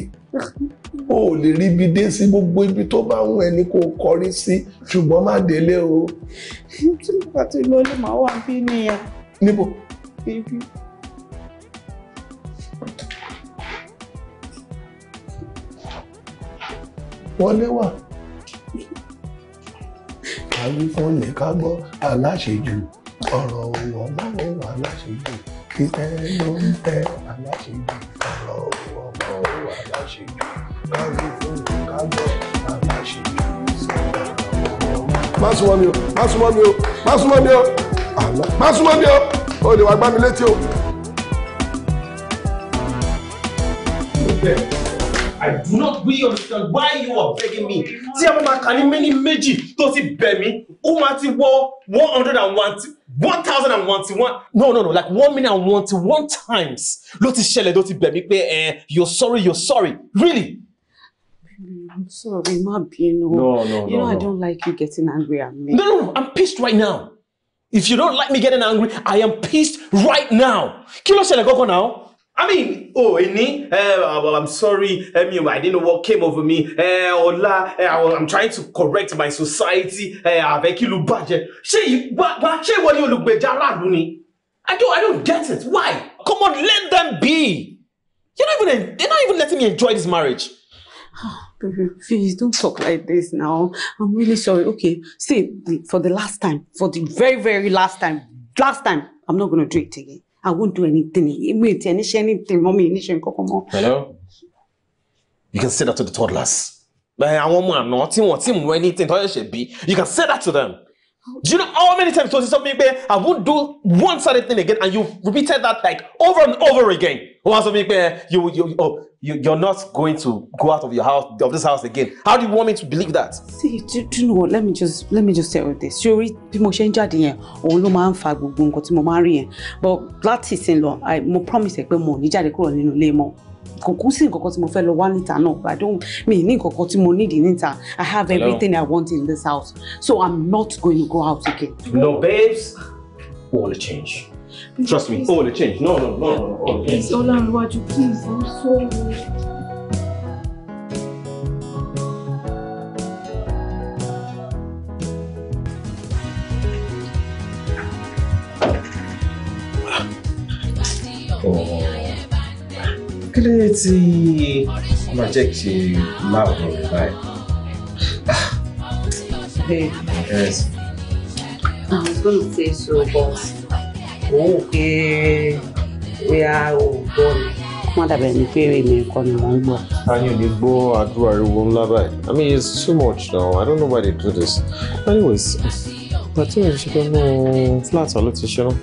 o lè ríbi dé sí gbogbo ibi tó bá wù ẹ́ ní kó kọrí sí ṣùgbọ́n má délé o. tí mo bá ti lọ lè máa wà bí nìyẹn. níbo baby. Wọlé wà. Àwọn fọ́ọ̀nì ká gbọ́ aláṣejù ọ̀rọ̀ òwò ọlọ́run wà aláṣejù títẹ́ ló ń tẹ́ aláṣejù ọ̀rọ̀ òwò ọlọ́run wà aláṣejù káwé fọ́ọ̀nì ká gbọ́ aláṣejù sọ́dọ̀ ọ̀rọ̀ ọ̀rọ̀. Má súnmọ́ mi o, má súnmọ́ mi o, má súnmọ́ mi o, má súnmọ́ mi o o lè wá gbá mi létí o. I do not really understand why you are begging me. Tí ẹ bá máa kà ní méní méjì tó ti bẹ̀ mí, ó máa ti wọ one hundred and one one thousand and one-to-one no no no like one million and one-to-one times ló ti ṣẹlẹ̀ ló ti bẹ̀ mí pé ẹ eh, you're sorry you're sorry really. I'm sorry, má bínú. No, no, no. You know, no. I don't like you getting angry at me. No, no, no. I'm pissed right now if you don't like me getting angry i am pissed right now kí ló ṣẹlẹ̀ gọ́gọ́ náà. I mean, oh, Ini, uh, eh, ah, well, I'm sorry, I eh, I didn't know what came over me. Uh, Ola, uh, I'm trying to correct my society. Avekilu Baje. Ṣé ìwọ ni olùgbèjà aráàlú ni? I don't, I don't get it. Why? Come on, let them be. You're not even, they're not even letting me enjoy this marriage. Ah please mm-hmm. don't talk like this now. I'm really sorry. Okay, see, for the last time, for the very, very last time, last time, I'm not going to do it again. I won't do anything. Wait, anything, mommy, anything, Hello? You can say that to the toddlers. Àwọn ọmọ àná tí wọ́n ti mú anything tó ṣe bí. You can say that to them. Do you know how many times was it something where I won't do one certain thing again and you've repeated that like over and over again? Or something where you, you, oh, you, you're not going to go out of your house, of this house again. How do you want me to believe that? See, do, do you know what? Let me just, let me just tell you this. Ṣorí bí mo ṣe ń jáde yẹn, òun ló máa ń fa gbogbo nǹkan mo máa ń rí yẹn. But láti ìsìn lọ, mo promise ẹ pé mo ò ní jáde kúrò nínú ilé mọ́ kò kún sí nǹkan tí mo fẹ́ lọ wá níta náà but i don't mi ní nǹkan tí mo need níta i have everything Hello. i want in this house so i'm not going to go out again. no babes we wanna change trust me we the change no no no no. no, please, kí n sọ sóòrò. kí ló yẹ tí ó máa jẹ́ kí máa wọ̀ Yes. I was gonna say so but mo ń pe bóyá o gbọ́ mi. Wọ́n dàbẹ̀ ní pé èmi ẹ̀kọ́ ni mò ń gbọ́. A ní òní gbọ́ àdúrà ariwo ńlá báyìí. I mean it's too much now. I don't know why they do this. Anyways, pàtó ìṣẹ́gun náà flat ọ̀lọ́ ti ṣe náà.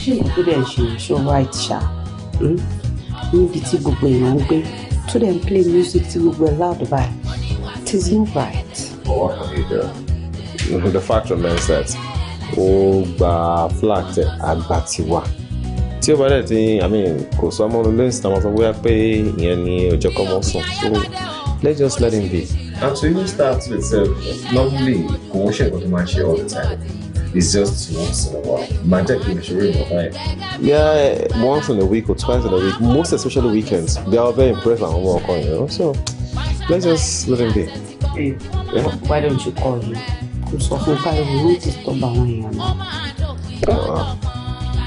Ṣé ìgbésẹ̀ ṣe ṣó right ṣá? hmm níbi tí gbogbo èèyàn ń gbé tó dẹ̀ play music tí gbogbo ẹ̀ loud by it is not right. what have you the fact remains that ó gba flat àgbà tiwa tí ó bá dẹ̀ ti i mean kò sọ ọmọ olólè ń sàmọ́ sọ bóyá pé ìyẹn ni ọjọ́ kan mọ́ sùn so let's just let him be. and to even start with uh, normally kò ń ṣe nǹkan tó máa ń ṣe all the time. It's just once in a while. My deck is really fine. Yeah, once in a week or twice in a week, most especially weekends. They are very impressed and work on, you know. So let's just let them be. Hey, yeah. Why don't you call him? Kò sọ fún Fáyọ̀ ló ti tọ́ bá àwọn èèyàn náà. Ah,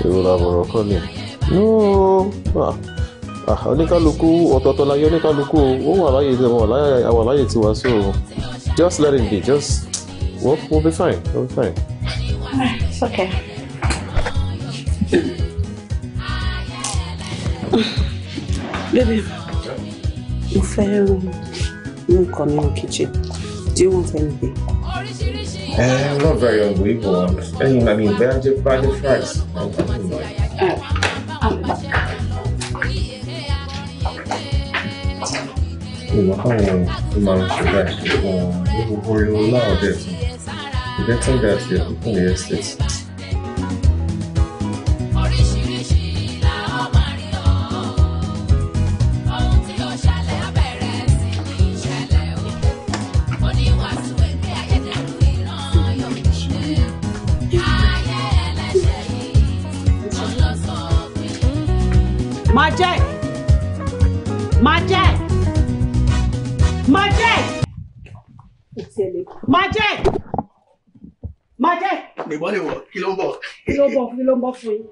Èrò làbọ̀rọ̀ kọ́ ni. No ah, ah, oníkálukú ọ̀tọ̀ọ̀tọ̀ la yọ oníkálukú ó wà láyé tí wọn àwọn láyé so just let it be just we'll, we'll be fine we'll be fine. It's okay. Baby, You feel? You come in the kitchen. Do you want anything? Uh, not very hungry, but I eh, mean, I mean, bẹ́ẹ̀ jẹ́ bá jẹ́ fries. Ìmọ̀ káwọn ìmọ̀ ìṣẹ̀lẹ̀ ìwọ̀n ìwọ̀n orí ọlá ọ̀dẹ̀ fún. the congrats, we have to ló ń bọ́ fún yín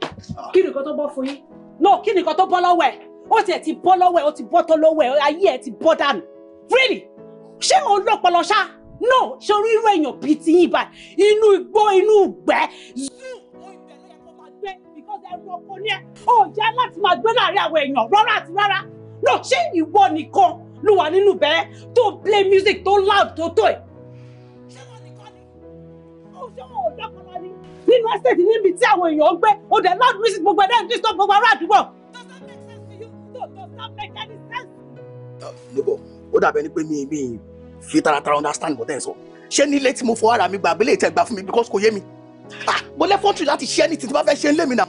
kí nìkan tó bọ́ fún yín no kí nìkan tó bọ́ lọ́wọ́ ẹ̀ ó tiẹ̀ ti bọ́ lọ́wọ́ ẹ̀ ó ti bọ́ tó lọ́wọ́ ẹ̀ ayé ẹ̀ ti bọ́ dànù really ṣé òun lọ́pọlọ ṣá no ṣe orí irú èèyàn bíi ti yín bá inú igbó inú ìgbẹ́ zoo because ẹ̀rù ọkọ ni ẹ̀ ò jẹ́ láti máa gbé láàrin àwọn èèyàn rárá àti rárá no ṣé ìwọ nìkan ló wà nínú bẹ́ẹ̀ tó play music tó loud tó tó ẹ̀ ṣé wọn nìkan ni ó ṣé wọn ò lọ́pọlọ ni nínú estate níbi tí àwọn èèyàn ń gbé ó dẹ̀ loud music gbogbo ẹ̀dá ìdí sọ gbogbo ará àdúgbò. níbo uh, ó dàbẹ̀ ni pé mi mi fi taratara understand what ẹ̀ sọ ṣé nílé tí mo fọ ara mi gbà abẹ́lé ìtẹ̀ gbà fún mi because kò yé mi ah, mo lẹ́ fọ́ntì láti ṣe anything tí wọ́n fẹ́ ṣe ń lé mi náà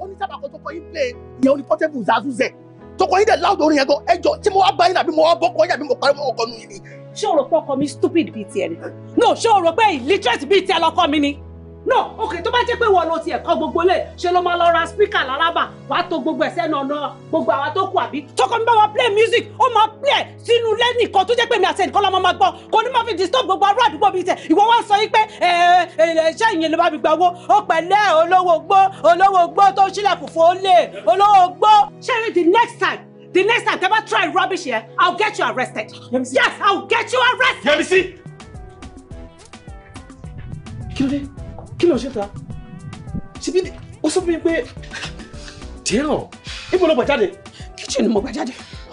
onísàbàkọ tó kọ yín play yẹn oní portable zazuzẹ tó kọ yín dẹ̀ loud orin yẹn gan ẹjọ tí mo wá bá yín mo wá bọ́ kọ mo parí ọkọ nu yín ni. ṣé o rò pé ọkọ mi stupid bíi tiẹ̀ ni no ṣé o rò pé illiterate bíi tiẹ̀ lọkọ mi ni no ok tó bá jẹ́ pé wọ́n lo tiẹ̀ kọ́ gbogbo lẹ̀ ṣe ló máa lọ ra speaker lárábà wàá tó gbogbo ẹ̀ sẹ́nu ọ̀nà gbogbo àwa tó kù àbí. tọkọ mi bá wa play music ó máa play sínú lẹ́nì kan tó jẹ́ pé mi àti ẹnìkan lọ́mọ máa gbọ́ kò ní máa fi disturb gbogbo ará àdúgbò mi tẹ̀ ìwọ wá sọ yí pé iṣẹ́ ìyẹn ló bá mi gba owó ó pẹ̀lẹ́ olówó gbó olówó gbó tó ṣílẹ̀kùn fún ó lè olówó gbó. ṣé the next time the next time tẹ́bá try rubbish here i'll get you arrested. yes i'll get you arrested. Yemisi. kí ló dé kí ló ń ṣe ta ṣebí ó sọ fún mi pé dẹ́rọ̀ ibo ló gbà kitchen mo gbà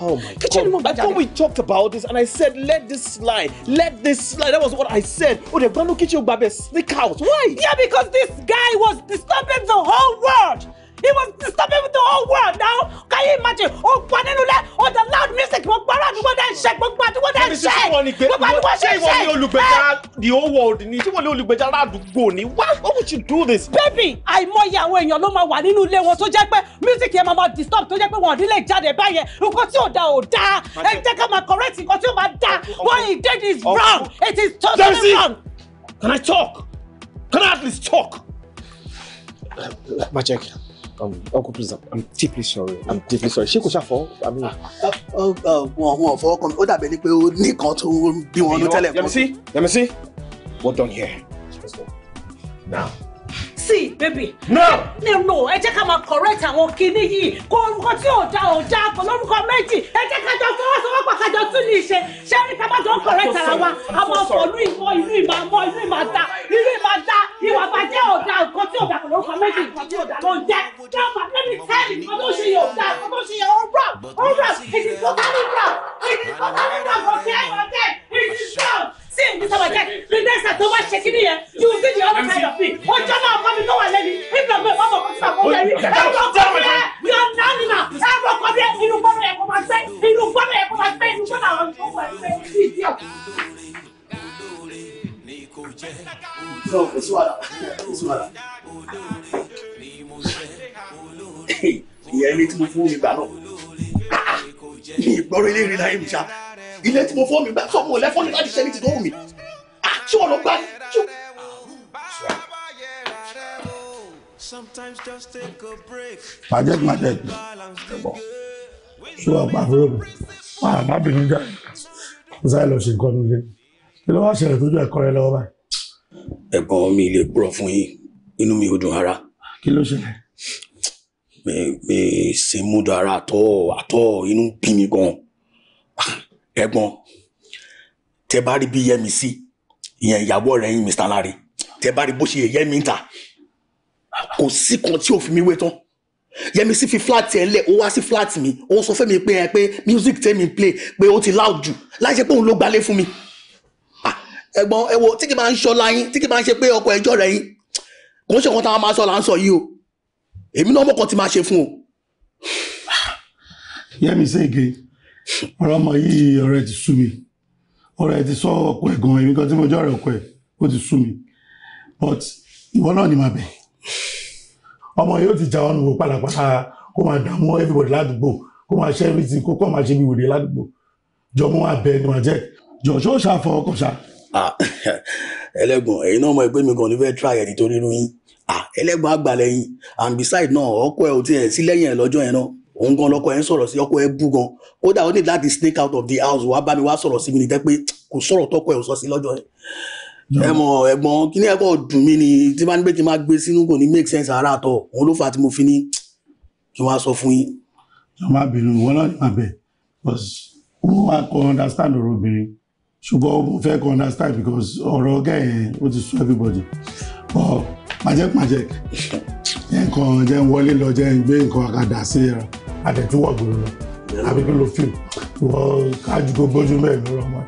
Oh my kitchen God. I thought we talked about this and I said, let this slide. Let this slide. That was what I said. Oh, the Grano kitchen babe, sneak out. Why? Yeah, because this guy was disturbing the whole world. He was disturbing the whole world now. Can you imagine? Oh, Panenule, oh, the loud music. Mo gbara àdúgbò dá ṣe, mo gbara àdúgbò dá ṣe. Gbogbo àdúgbò ṣe ṣe. Ṣé ìwọ ni eh? the whole world ni? Ṣé ìwọ ni olùgbèjà aládùúgbò ni? Why would you do this? Baby, àìmọye àwọn èèyàn ló máa wà nínú ilé wọn so jẹ́ pé music yẹn máa máa disturb tó jẹ́ pé wọn ò ní lè jáde báyẹn. Nǹkan tí ò da ò da. Ẹ jẹ́ ká máa correct nǹkan tí What he did is wrong. It is totally wrong. Can I talk? Can I at least talk? Maciek, um, Uncle, please, I'm, I'm deeply sorry. I'm deeply sorry. Ṣé kò ṣàfọ́? I mean. oh, oh, oh, oh, ọ̀fọ́ Oh, mi, ó dàbí ẹni pé ó ní kan tó bí wọn ló tẹ́lẹ̀ kan. Yẹmísí, Yẹmísí, well done here. Now see baby. no. no no ẹ jẹ́ ká máa correct àwọn kinní yìí kó orúkọ tí ò da ò da kò lórúkọ méjì ẹ jẹ́ ká jọ fọwọ́sowọ́pọ̀ ká jọ tún ní ìṣe ṣé rí ká má jọ ń correct ara wa a máa fọ ìlú ìmọ̀ ìlú ìmọ̀ àmọ́ ìlú ìmọ̀ àdá ìlú ìmọ̀ àdá ìwà bàjẹ́ ò da nǹkan tí ò da kò lórúkọ méjì nǹkan tí ò da ló jẹ́ dáàmà lẹ́mi tẹ́lì nǹkan tó ṣe yóò da nǹkan tó ṣe yóò rọ̀ rọ̀ is it is it see mr bajaj the next time tó bá ṣe kíní yẹn you will see the other side of me ọjọ́ náà kọ́ mi tó wà lẹ́ni nígbà pé bọ́bọ̀ kọ́ sí àkókò yẹn ẹ̀rọ kọ́ mi yọ nánìmà ẹ̀rọ kọ́ mi ẹ̀ inú gbọ́dọ̀ yẹ kó máa inú gbọ́dọ̀ yẹ kó máa inú gbọ́dọ̀ àwọn tó wà gbé ìdí ọ̀. so kò sí wàhálà kò sí wàhálà ìyẹn mi gbà náà ìgbọ́rọ̀ ilé ìrìnà ìmùsà ilé tí mo fọ́ mi gbá sọ́mu ọ̀lẹ́fọ́ ní láti ṣe ní ti dánwò mi ah, ṣé wọn lọ gbá ní. pàjẹ́tì pàjẹ́tì ẹ̀bọ̀ ṣé wàá pàfẹ́rẹ́ mi wàá má bínú jáde kó sáré lọ ṣe nǹkan nílé kí ló wá ṣẹlẹ̀ tójú ẹ̀kọ́ rẹ lọ́wọ́ báyìí. ẹ̀gbọ́n mi lè purọ́ fún yín inú mi ò dùn ara. kí ló ṣẹlẹ̀. mi mi ṣe mú dára àtọ̀ àtọ̀ inú bí mi gan-an ẹ̀gbọ́n tẹ bá rí bí yẹmi sí ìyẹn ìyàwó rẹ̀ yín Mr. Lare tẹ bá rí bó ṣe yẹmi ń ta kò sí kan tí ò mi wé tán yẹmi sí fi flat ẹ lẹ ó wá sí fúláàtì mi ó sọ fún mi pé ẹ pé music tẹ́mi play pé ó ti loud jù láì ṣe pé òun ló gbalé fún mi ah, ẹ̀gbọ́n ẹ wo tí kì máa ń ṣọlá yín tí kì máa ń ṣe pé ọkọ ẹjọ́ rẹ̀ yín kò ń ṣe nǹkan tá a máa sọ là ń sọ yìí o èmi náà mọ̀kàn ti máa ṣe fún o. yẹmi ṣe ọ̀rọ̀ ọmọ yìí ọ̀rọ̀ ẹ ti sú mi ọ̀rọ̀ ẹ ti sọ ọkọ ẹ̀ gan-an èmi kan tí mo jẹ́ ọ̀rẹ́ ọkọ ẹ̀ ó ti sú mi but ìwọ náà ni màá bẹ̀ ọmọ yìí ó ti já wọn pàlàpàlà kó máa dààmú everybody ládùúgbò kó máa ṣe everything kó kọ́ máa ṣe bí wèrè ládùúgbò jọ mú abẹ ni màá jẹ jọ ṣó ṣàfọ ọkọ ṣá. Ah, ẹlẹ́gbọ̀n ẹ̀yin náà mọ̀ pé mi kàn ní fẹ́ẹ́ try ẹ̀ nítorí irun yín ah, ẹlẹ́gbọ̀n àgbàlẹ̀ yín and beside náà ọkọ ẹ̀ ò tiẹ̀ sí lẹ́yìn ẹ̀ lọ́jọ́ yẹn náà òun gan lọkọ ẹ ń sọ̀rọ̀ sí ọkọ ẹ bú gan kódà ó ní láti snake out of the house wàá bá mi wá sọ̀rọ̀ sí mi nìtẹ́ pé kò sọ̀rọ̀ tọkọ ẹ ò sọ sí lọ́jọ́ ẹ ẹ mọ ẹ̀gbọ́n kí ni ẹkọ dùn mí ni tí bá ń gbé kí n máa gbé sínú kò ní make sense ara àtọ òun ló fà á tí mo fi ní kí wọn á sọ fún yín. ọmọ abìnrin wọn náà máa bẹ because wọn wá kọ understand ọ̀rọ̀ obìnrin ṣùgbọ́n mo fẹ́ kọ understand because ọ̀rọ̀ ọgá yẹn ó ti sú everybody but pàjẹ́pàjẹ́ yẹn kàn jẹ́ ń wọlé lọ jẹ́ ń gbé nǹkan àkàdá sí ẹ̀rọ àtẹ̀tún wọ̀ gbòòrò lọ àbí kí ló fi wọ́n kájú kó gbójú mẹ́rin lọ́rọ̀ mọ́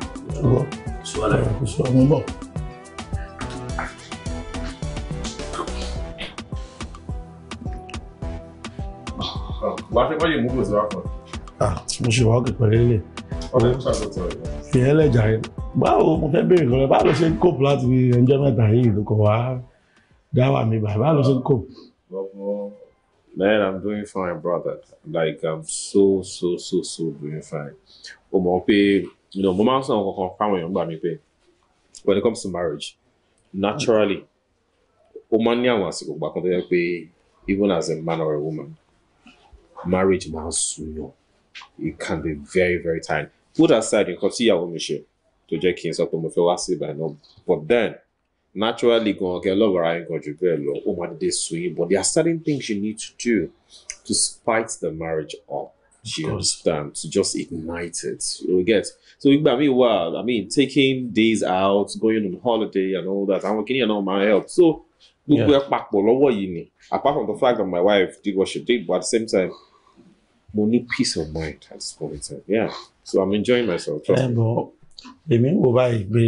ṣùgbọ́n kò sọ ọmọ bọ̀. wàá fẹ́ báyìí mú kò sí wá pọ̀. mo ṣe wá báwo mo fẹ́ béèrè lọ́rẹ́ báwo ló ṣe ń kóòpù láti fi ẹjọ́ mẹ́ta yìí lóko wá dáwà mi báyìí báwo ló ṣe ń kóòpù. Man, I'm doing fine, brother. Like I'm so so so so doing fine. Ó mọ̀ pé you know, mo máa ń sọ àwọn kankan fáwọn èèyàn gbà mí pé when it comes to marriage, naturally, ó máa ń ní àwọn àsìkò gbà kan tó yẹ pé even as a man or a woman, marriage máa ń sunyàn. It can be very very tiring. Put aside nǹkan tí ìyàwó mi ṣe tó jẹ́ kí n sọ pé mo fẹ́ wá sí ìbànú, but then naturally gan ọkẹ ọlọ́wọ́ra yín gan jù bẹ́ẹ̀ lọ ó máa but there are certain things you need to do to spice the marriage up you understand to just ignite it you get so I mean, well, i mean taking days out going on holiday and all that I'm working kìnìyàn all my help so gbogbo ẹ papọ̀ lọ́wọ́ yìí ni apart from the fact that my wife did what she did but at the same time we need peace of mind at this point in time yeah so i'm enjoying myself. ẹ bọ èmi ń wò báyìí pé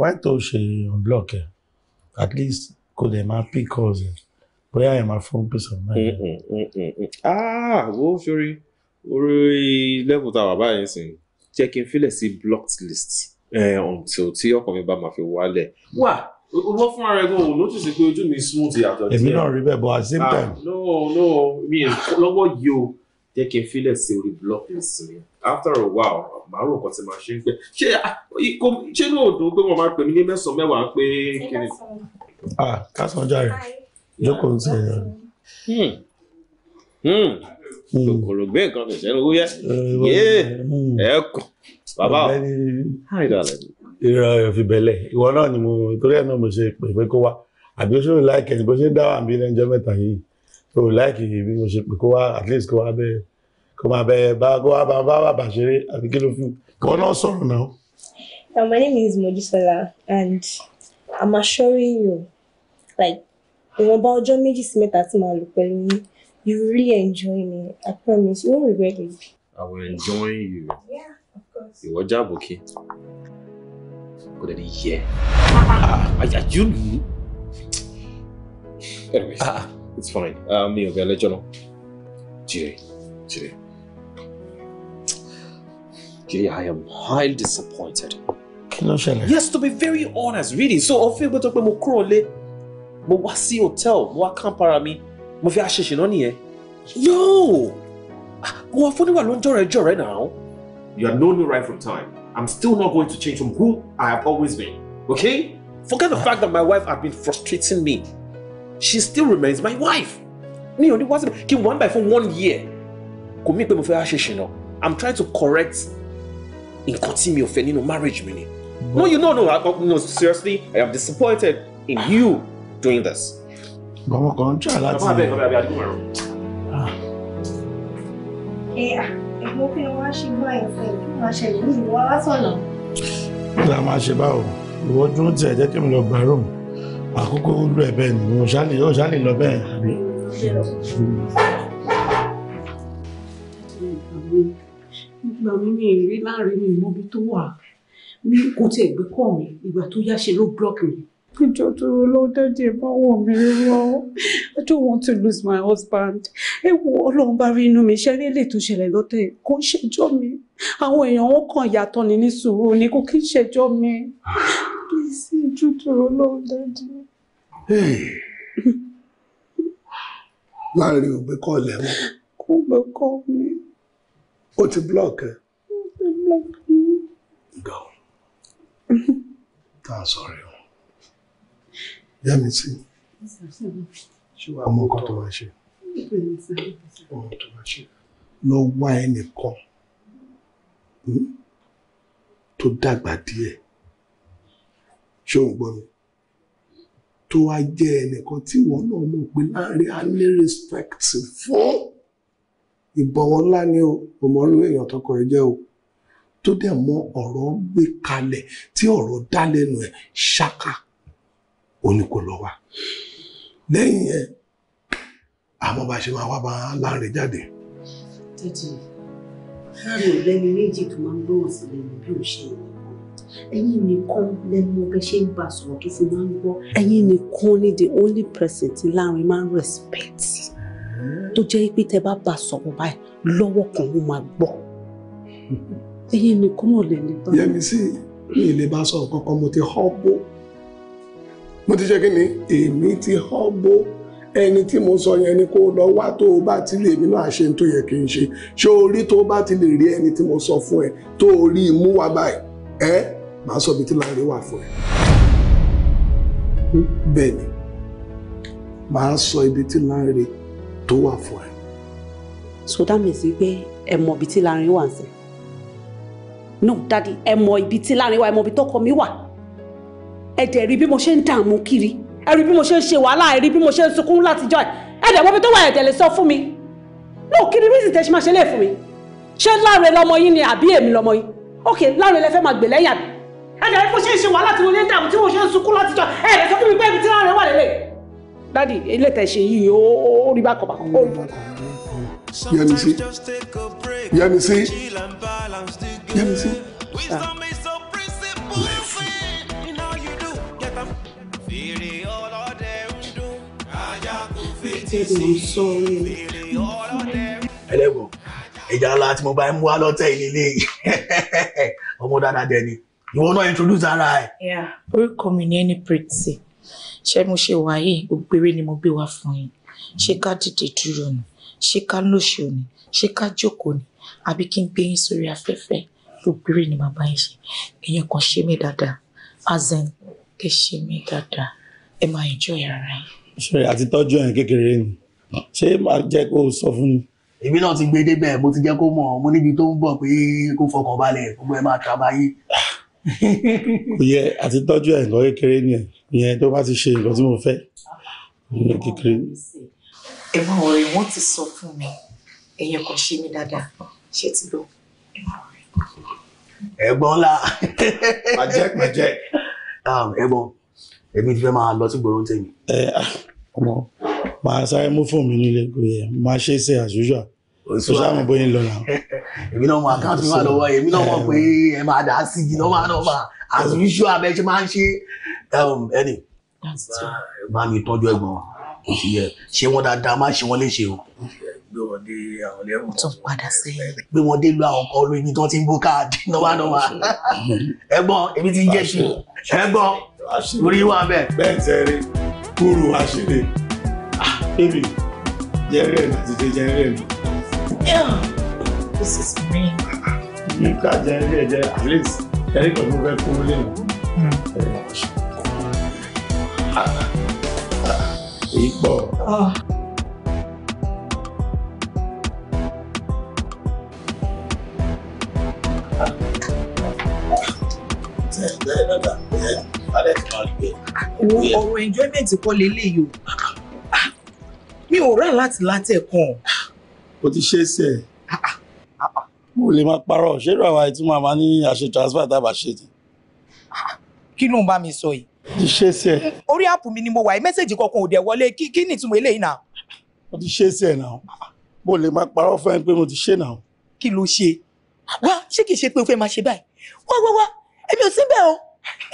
wáìtò unblock ẹ at least kò dẹ̀ máa pick calls ẹ̀ bóyá ẹ̀ máa fún peace of mind. Mm, mm, mm, ah wo sori orí level tá a wà báyìí sìn jẹ́ kí n filẹ̀ sí blocked list eh, until tí ọkàn mi bá máa fi wálẹ̀. wà wọ́n fún ara ẹ̀gbọ́n òun lótìsí pé ojú mi smooth yàtọ̀ díẹ̀. èmi náà rí bẹ́ẹ̀ but at the same ah, time. no no mi lọ́wọ́ yìí o jẹ́ kí n fílẹ̀ sí orí block list after a while màá rò nǹkan tí màá ṣe ń pẹ́ ṣé ah, ikó ṣé ní òdo pé wọ́n máa pè mí ní mẹ́sàn-án mẹ́wàá ń é kíni. ah kásán jàre jókòó ń sìn yàn. Hmm. Hmm. Hmm. kòkòrò gbé nǹkan kò sẹ́nu wúyẹ́ eh, yéé ẹ̀ kàn bàbá ọ̀ háìdàlẹ̀. ìrọ̀ ìfìbẹ̀lẹ̀ ìwọ náà ni mo torí ẹ̀ náà mo ṣe pè pé kó wá àbí ó ṣòro láìkẹ́ ni bó ṣe dá wà ń bí lẹ́jọ́ mẹ́ta yìí so láìkì bí mo ṣe pé kó wá at least kó wá bẹ kó máa bẹ bá kó wá bá bá bàbà ṣeré àbí kí ló fi kó náà sọ̀rọ̀ náà. Now, my name is Mojisola, and I'm assuring you, like, ìwọ̀nba ọjọ́ méjì sí mẹ́ta tí màá lò pẹ̀lú yín, you really enjoy me. I promise, you won't regret it. I will enjoy you. Yeah, of course. Ìwọ jáàbò kí. Kò dẹ̀ ní yẹ. Àyájú ah, ah, ah, nù. Anyways. Uh it's fine mi um, ò bẹ ẹlẹ́jọ́ náà jire jire jire I am highly disappointed. kí ló ṣẹlẹ̀. yes to be very honest really so ọ̀fẹ́ gbọ́dọ̀ pé mo kúrò lé mo wá hotel mo wá kàǹpara mi mo fi àṣeṣe náà nìyẹn yo ah, wọn fúnni wà ló ń right now. you have known me right from time i'm still not going to change from who i have always been okay. forget the fact that my wife has been frustrating me she still remains my wife ní òní wá sí mi kí n wà ń one year kò mí pé mo fẹ́ wá ṣe ṣìnà i'm trying to correct nǹkan tí mi ò fẹ́ nínú marriage mi ni. no you know no I, uh, no seriously i am disappointed in you doing this. gbọ̀ngàn kan ń jà láti. ọmọ abẹ́ ọmọ abẹ́ àdúgbò rẹ̀. ẹ ah. ẹ eh, ah, eh, mo fi wá ṣe gbọ́ ẹ̀fẹ̀ kí wọ́n ṣe ìlú ìwọ lásán náà. kí la máa ṣe báwo ìwọ dúró tiẹ̀ jẹ́ kí mi lọ gbà àkókò lọ ẹ̀bẹ̀ ni mo ṣáàlì ó ṣáàlì lọ bẹ́ẹ̀ àbí. ìgbà mi rí láàrin mi mọ́bí tó wà mi kò tiẹ̀ gbé kọ́ mi ìgbà tó yá ṣe ló block mi. Ìjọ tó lọ́dẹ́dẹ̀ bá wọ̀ mí rọ́. I don't want to lose my husband. Ẹ wo Ọlọ́run bá rí inú mi, ṣe rí tó ṣẹlẹ̀ lọ́tẹ̀ kó ṣẹjọ́ mi. Àwọn èèyàn wọn kàn yàtọ̀ ní ní sùúrù ni kò kí ń ṣẹjọ́ mi. Please, ìjọ tó lọ́dẹ́dẹ̀ láàrin ògbé kọ́ lẹ́wọ̀n. kò gbé kọ́ mi. ó ti blọ́ọ̀kì. ó ti blọ́ọ̀kì mi. gà ó tá a sọ̀rọ̀ ẹ̀wọ̀n. yá mi sí. ṣé wàá mú nǹkan tó máa ṣe. ohun tó máa ṣe. lọ wá ẹnìkan hmm, tó dàgbà díẹ̀ ṣé òun gbọ́ mi tó wá jẹ́ ẹnìkan tí ìwọ náà mọ̀ pé láàrin a ní respect fún ìbọ̀wọ̀ ńlá ni o òmòrú èèyàn tọkọ ẹ jẹ́ o tó dẹ̀ mọ ọ̀rọ̀ gbé kalẹ̀ tí ọ̀rọ̀ dá lẹ́nu ẹ̀ ṣáká òní kò lọ wá lẹ́yìn ẹ̀ àmọ́ bá ṣe máa wá bá láàrin jáde. tètè láàrin ọ̀lẹ́ni méjì tó máa ń gbọ́wọ̀ sílẹ̀ ní bí ó ṣe wà ẹ̀yin nìkan lẹ́nu ọbẹ̀ ṣe ń gbà sọ̀rọ̀ tó fi máa ń gbọ́ ẹ̀yin nìkan ni the only person tí láàrin máa ń respect tó jẹ́ pé tẹ bá bá sọ̀rọ̀ báyìí lọ́wọ́ kan ló máa gbọ́ ẹ̀yin nìkan náà lè lè bá. yẹmi sí mi lè bá sọ̀rọ̀ kankan mo ti họ́bó mo ti ṣe kí ni èmi ti họ́bó ẹni tí mo sọ yẹn ni kó lọ wá tó o bá ti lè mí náà ṣe tó yẹ kí n ṣe ṣé o rí tó o bá ti lè rí ẹni tí mo sọ fún ẹ tó o rí imú wa báyìí ẹ màá sọ ibi tí Lanre wà fún ẹ bẹ́ẹ̀ ni màá sọ ibi tí Lanre tó wà fún ẹ. so that means ẹ mọ ibi tí Lanre wà ń sìn no dadi ẹ mọ ibi tí Lanre wà ẹ mọ ibi tọkọ mi wà ẹ dẹ̀ rí bí mo ṣe ń dààmú kiri ẹ rí bí mo ṣe ń ṣe wàhálà ẹ rí bí mo ṣe ń sunkún látijọ́ ẹ dẹ̀ mọ ibi tó wà ẹ lè sọ fún mi no kiri reason tẹ ṣe máa ṣe lè fún mi ṣé Lanre lọmọ yín ni àbí èmi lọmọ yín ok Lanre lẹ fẹ́ máa gbè lẹ́yìn àbí ẹ̀dá ẹ̀ kó ṣe wàhálà tí mo ní ń tí mo ṣe ń sunkún láti jọ ẹ̀ ẹ̀ sọ fún mi pé ibi tí láàrin wà lélẹ̀. dádì ilé tẹ̀ yìí ó rí bákan bákan. Yẹ́misí Yẹ́misí Yẹ́misí. Ah. ẹlẹ́gùn ìjà ńlá tí mo bá ń mú wá lọ́tẹ̀ ìnílé ọmọ dáadáa dẹni. You ìwọ náà introduce ara ẹ. orúkọ mi ni ẹni pretty ṣé mo ṣe wà yìí ògbéré ni mo gbé wá fún yín ṣé ká dìde dúró ni ṣé ká lóṣù ni ṣé ká jókòó ni àbí kí n gbé yín sórí afẹ́fẹ́ ògbéré ni màmá yín ṣe èèyàn kan ṣe mí dáadáa azen kẹ ṣe mí dáadáa ẹ máa enjoy ara yín. ṣe àtitọ́jú ẹ̀ kékeré ni ṣé máa jẹ́ kó o sọ fún mi èmi náà ti gbé débẹ̀ mo ti jẹ́ kó mọ̀ mo níbi tó ń bọ̀ pé kó fọkàn balẹ̀ gbogbo ẹ máa trabayé kò yẹ àti tọ́jú ẹ̀ lọ kékeré ni ẹ̀ ìyẹn tó bá ti ṣe nǹkan tí mo fẹ́ ìyẹn kékeré. ẹ̀wọ̀n ọ̀rẹ́ wọn ti sọ fún mi ẹ̀yẹ kò ṣe mí dáadáa ṣé ti lọ. ẹ̀gbọ́n la pàjẹ́ pàjẹ́ èmi ti fẹ́ máa lọ sí gbòòrò tèmi. ọmọ màá sáré mú fóònù mi nílé kò yẹ màá ṣe é ṣe àṣùjọ sọ́sàmù bóyá lọ náà. èmi náà mọ àkáǹtì mi wà lọ́wọ́ èmi náà mọ̀ pé ẹ máa dà á sí i nọ́mà nọ́mà as usual abẹ́ ṣe máa ń ṣe um, ẹni bá mi tọ́jú ẹ̀gbọ́n ṣé wọ́n dáadáa má ṣe wọ́n léṣe o gbé wọn dé àwọn lẹ́wọ̀n. tó padà sẹ́yìn. gbé wọn dé lu àwọn kan lóyún tó ti ń bó káàdì nọ́mà nọ́mà ẹ̀gbọ́n èmi ti ń jẹ́ sí ẹ̀gbọ́n orí wà bẹ́ẹ̀. bẹ́ẹ̀ tẹ́rẹ̀ kúrò àṣírí ah baby jẹ́rẹ̀ẹ́ àti jẹ́rẹ̀ẹ́ This is me. Ìgbà jẹ́ ilé ẹ̀jẹ̀ at least ẹ̀rí kan tó fẹ́ kú lé mi. Hmm. Èyí pọ̀. Ah. Ọ̀rọ̀ enjoyment kọ́ lélẹ́yìí o. Ah, ah. Mi ò rà láti látẹ̀kàn o ti ṣe é sẹ mo lè máa parọ́ ṣérò àwa ìtumọ̀ àmà ní àṣẹ transfer tá a bá ṣe ni. kí ló ń bá mi sọ yìí. ti ṣe é sẹ. orí àpò mi ni mo wà yìí mẹ́sẹ̀gì kankan ò dẹ̀ wọlé kí kí ni ìtumọ̀ eléyìí náà. mo ti ṣe é sẹ náà mo lè máa parọ́ fún ẹ pé mo ti ṣe náà. kí ló ṣe wá ṣé kìí ṣe pé o fẹ́ máa ṣe báyìí wá wá wá èmi ò sí bẹ́ẹ̀ o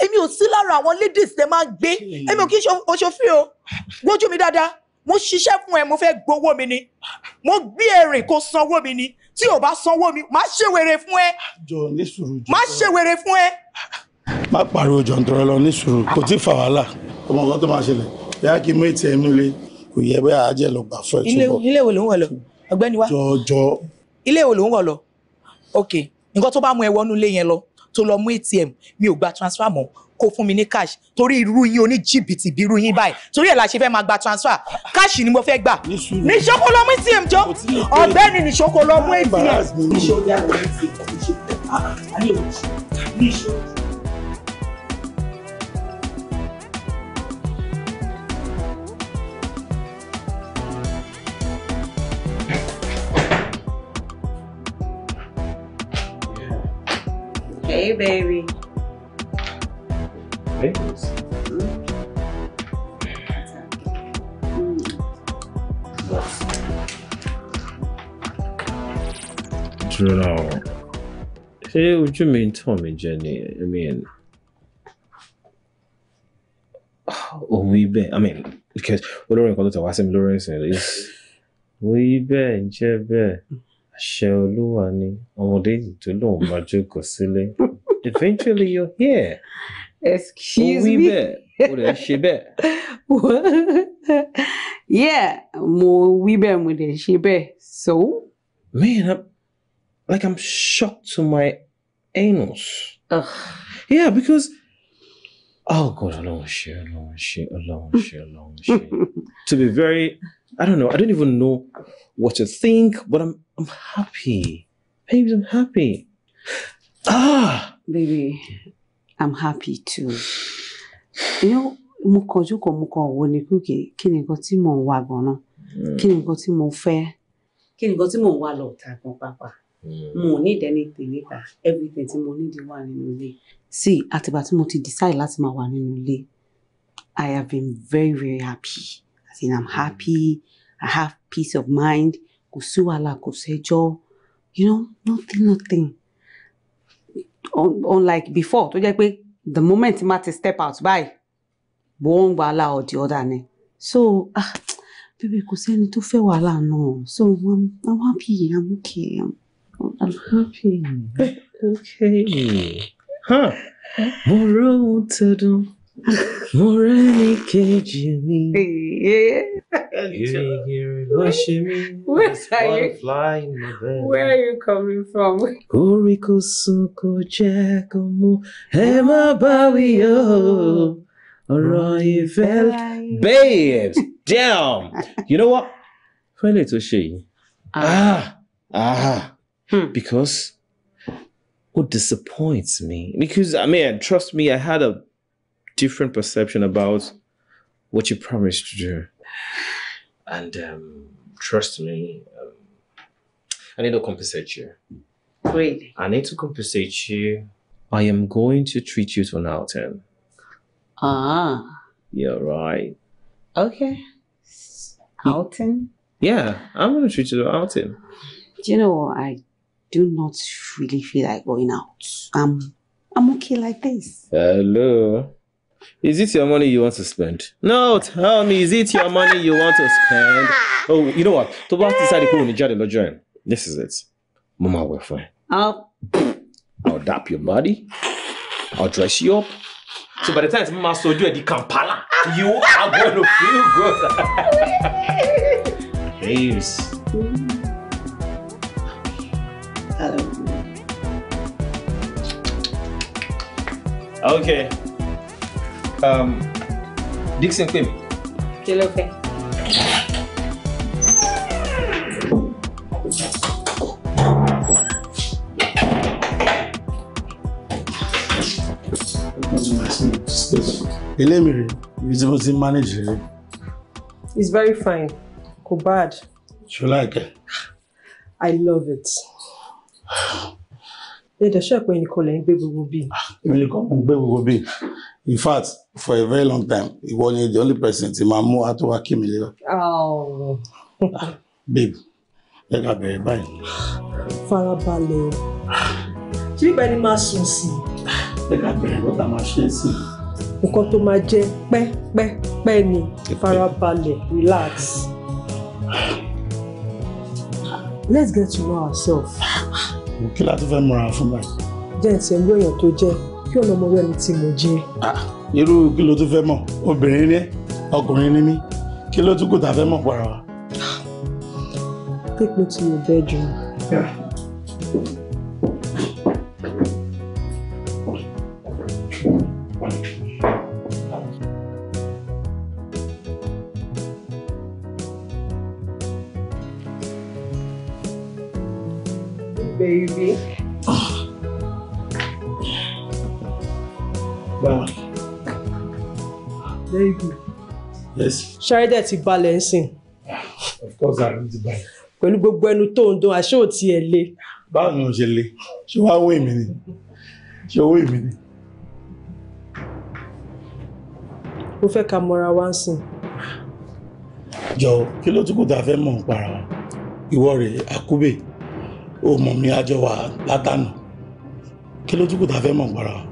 èmi ò sí lára àwọn ladies tẹ máa gbé èmi ò kí ń ṣe o gbójú mi dáadáa mo ṣiṣẹ́ fún ẹ mo fẹ́ gbowó mi ni mo gbé èrè kó sanwó mi ni tí o bá sanwó mi má ṣèwèrè fún ẹ. jọ ní sùúrù jọ má ṣèwèrè fún ẹ. má pariwo jọ ń tọrọ lọ ní sùúrù kò tí ì fà wàhálà ọmọ ọgá tó máa ṣẹlẹ̀ bẹ́ẹ̀ kí mú ètí ẹnu lé kò yẹ bẹ́ẹ̀ àájẹ lọ gbà fún ẹ túbọ̀. ilé wo ń wọ̀ lọ ọ̀gbẹ́ni wa. jọ ilé wo ń wọ̀ lọ ok nǹkan tó bá mú ẹ wọnú ilé yẹn lọ tó lọ mú ATM mi ò gba transfer mọ́ kó fún mi ní cash torí irú yín oní jìbìtì bí irú yín báyìí torí ẹ̀ la ṣe fẹ́ máa gba transfer cash ni mo fẹ́ gbà ní ṣokolomu atm jọ ọ̀gbẹ́ni ní ṣokolomu atm. Hey, baby. Famous. Dúró ṣé ojú mi ń tàn mí jẹ ni I mean we been. I mean because olórin kan tó tẹ̀ wá sí mi lórí ẹ̀sìn rẹ̀ òun ibẹ̀ ń jẹ́ bẹ́ẹ̀ àṣẹ olúwa ni ọmọdé tó lóun máa jókòó sílé eventually you're here. Excuse oui, shebe. yeah, webe, shebe. so man, I'm like I'm shocked to my anus. Ugh. Yeah, because oh god, a long shit, a long shit, a long shit, a long shit. to be very, I don't know, I don't even know what to think, but I'm I'm happy, babes, I'm happy. Ah, baby. i'm happy too you know mo kàn jókòó mo kàn wò ní kókè kí ni nǹkan tí mò ń wá ganan hmm. kí ni nǹkan tí mo fẹ́ kí ni nǹkan tí mò ń wá lọ ọ̀tá gan pápá hmm. mo ò ní ìdẹ́ni pè níta everything tí mo nídìí wà nínú ilé sí àtìgbà tí mo ti decide láti máa wà nínú ilé i have been very very happy as in i'm happy i have peace of mind kò sí wàhálà kò sẹ́jọ́ you know nothing nothing unlike before tó jẹ́ pé the moment má ti step out báyìí bó ń gba ala ọ̀dì ọ̀dà ni so ah bébè kò sẹ́ni tó fẹ́ wàhálà náà so i'm i'm happy i'm okay i'm, I'm happy okay. Huh. mo rọ tó dùn. Morani Jimmy. Yeah. Where are you? Where are you coming from? Koriko Soko Jacomo Hema Bawio. felt Babes, damn. You know what? Fẹ́lẹ̀ well, tó ṣe Ah, ah. Hmm. Because what disappoints me. Because, I mean, trust me, I had a different perception about what you promised to do. And um, trust me, um, I need to compensate you. Really? I need to compensate you. I am going to treat you to an outing. Ah. Yeah, right. Okay. Outing? Yeah, I'm going to treat you to an outing. Do you know what? I do not really feel like going out. I'm I'm okay like this. Hello. Is it your money you want to spend? No, tell me, is it your money you want to spend? Oh, you know what? To bá ti sáré kúrò ní join? lọ́jọ́ this is it. Mama we're fine. i I'll dap your body. I'll dress you up. So by the time tí saw you at the campala, Kampala, you are gonna feel good. Babes. Hello. Okay. Um, Dixon pè mí. kí ló fẹ́. Elemire, you suppose to It's very fine. Kò bad. You like it? I love it. Ẹ dẹ̀ ṣe pé ẹnì kan lè ń gbé gbogbo bíi. Èmi nìkan mò ń gbé in fact for a very long time he was the only person tí máa mú àtọ́ wá kí mi lé lọ. Oh. babe ẹ ká bẹ̀rẹ̀ báyìí. farabalẹ̀ ṣé bíbá ẹni What sùn sí i. ẹ ká to lọ́tà máa ṣe é sí i. nǹkan tó máa jẹ ni farabalẹ̀ relax. let's get to know ourselves. kí la tún fẹ́ múra fún báyìí. jẹ́ ìtẹ̀lú èèyàn tó kí ọlọmọ rẹ mi ti mọ jẹ. irú kí ló tún fẹ́ mọ̀ obìnrin ni ọkùnrin ni mí kí ló tún kò tá a fẹ́ mọ̀ para wa. pípín to your bedroom. ṣárídẹ̀ ti balẹ̀ ń sìn. of course àrùn ti balẹ̀. pẹ̀lú gbogbo ẹnu tó ń dún àṣé ò tiẹ̀ le. báwo ni mo ṣe le ṣé wàá wé mi ni ṣé owó èmi ni. mo fẹ́ ka mọ́ra wá ń sìn. jọ̀ọ́ kí ló tún kù tá a fẹ́ mọ̀ ń para wa ìwọ rèé àkúbè ó mọ̀ mi àjọ wà látànà kí ló tún kù tá a fẹ́ mọ̀ ń para wa.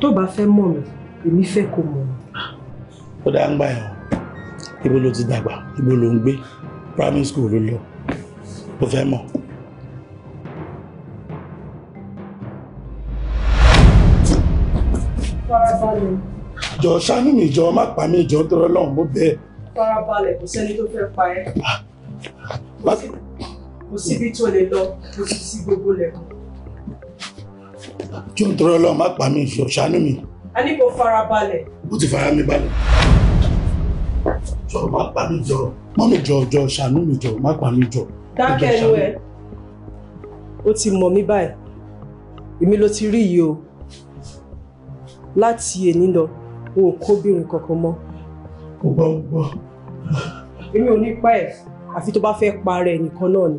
tó bá fẹ́ mọ̀ mi èmi fẹ́ kó mọ̀ mi ó dá ń gbà ẹ̀ o ibo ló ti dàgbà ibo ló ń gbé primary school ló lọ ó fẹ́ mọ̀. farabalẹ̀. jọ ṣàánú mi jọ má pa mí jọ ń tọrọ lọ́hùn mo bẹ́ẹ̀. farabalẹ̀ kò sẹ́ni tó fẹ́ pa ẹ́. Ah. kò síbi tó lè lọ kò sì sí gbogbo lẹ̀kùn. jọ ń tọrọ lọ́hùn má pa mí jọ ṣàánú mi a ní kò fara balẹ̀. ó ti fara mi balẹ̀ jọ má pa mí jọ má mi jọ jọ ṣàánú mi jọ má pa mí jọ. dákẹ́ ẹnu ẹ ó ti mọ̀ mí báyìí èmi ló ti rí yìí o láti èní lọ o ò kóbìnrin kankan mọ́. mo gbọ́ mo gbọ́. èmi ò ní pa ẹ̀ àfi tó bá fẹ́ pa ara nìkan náà ni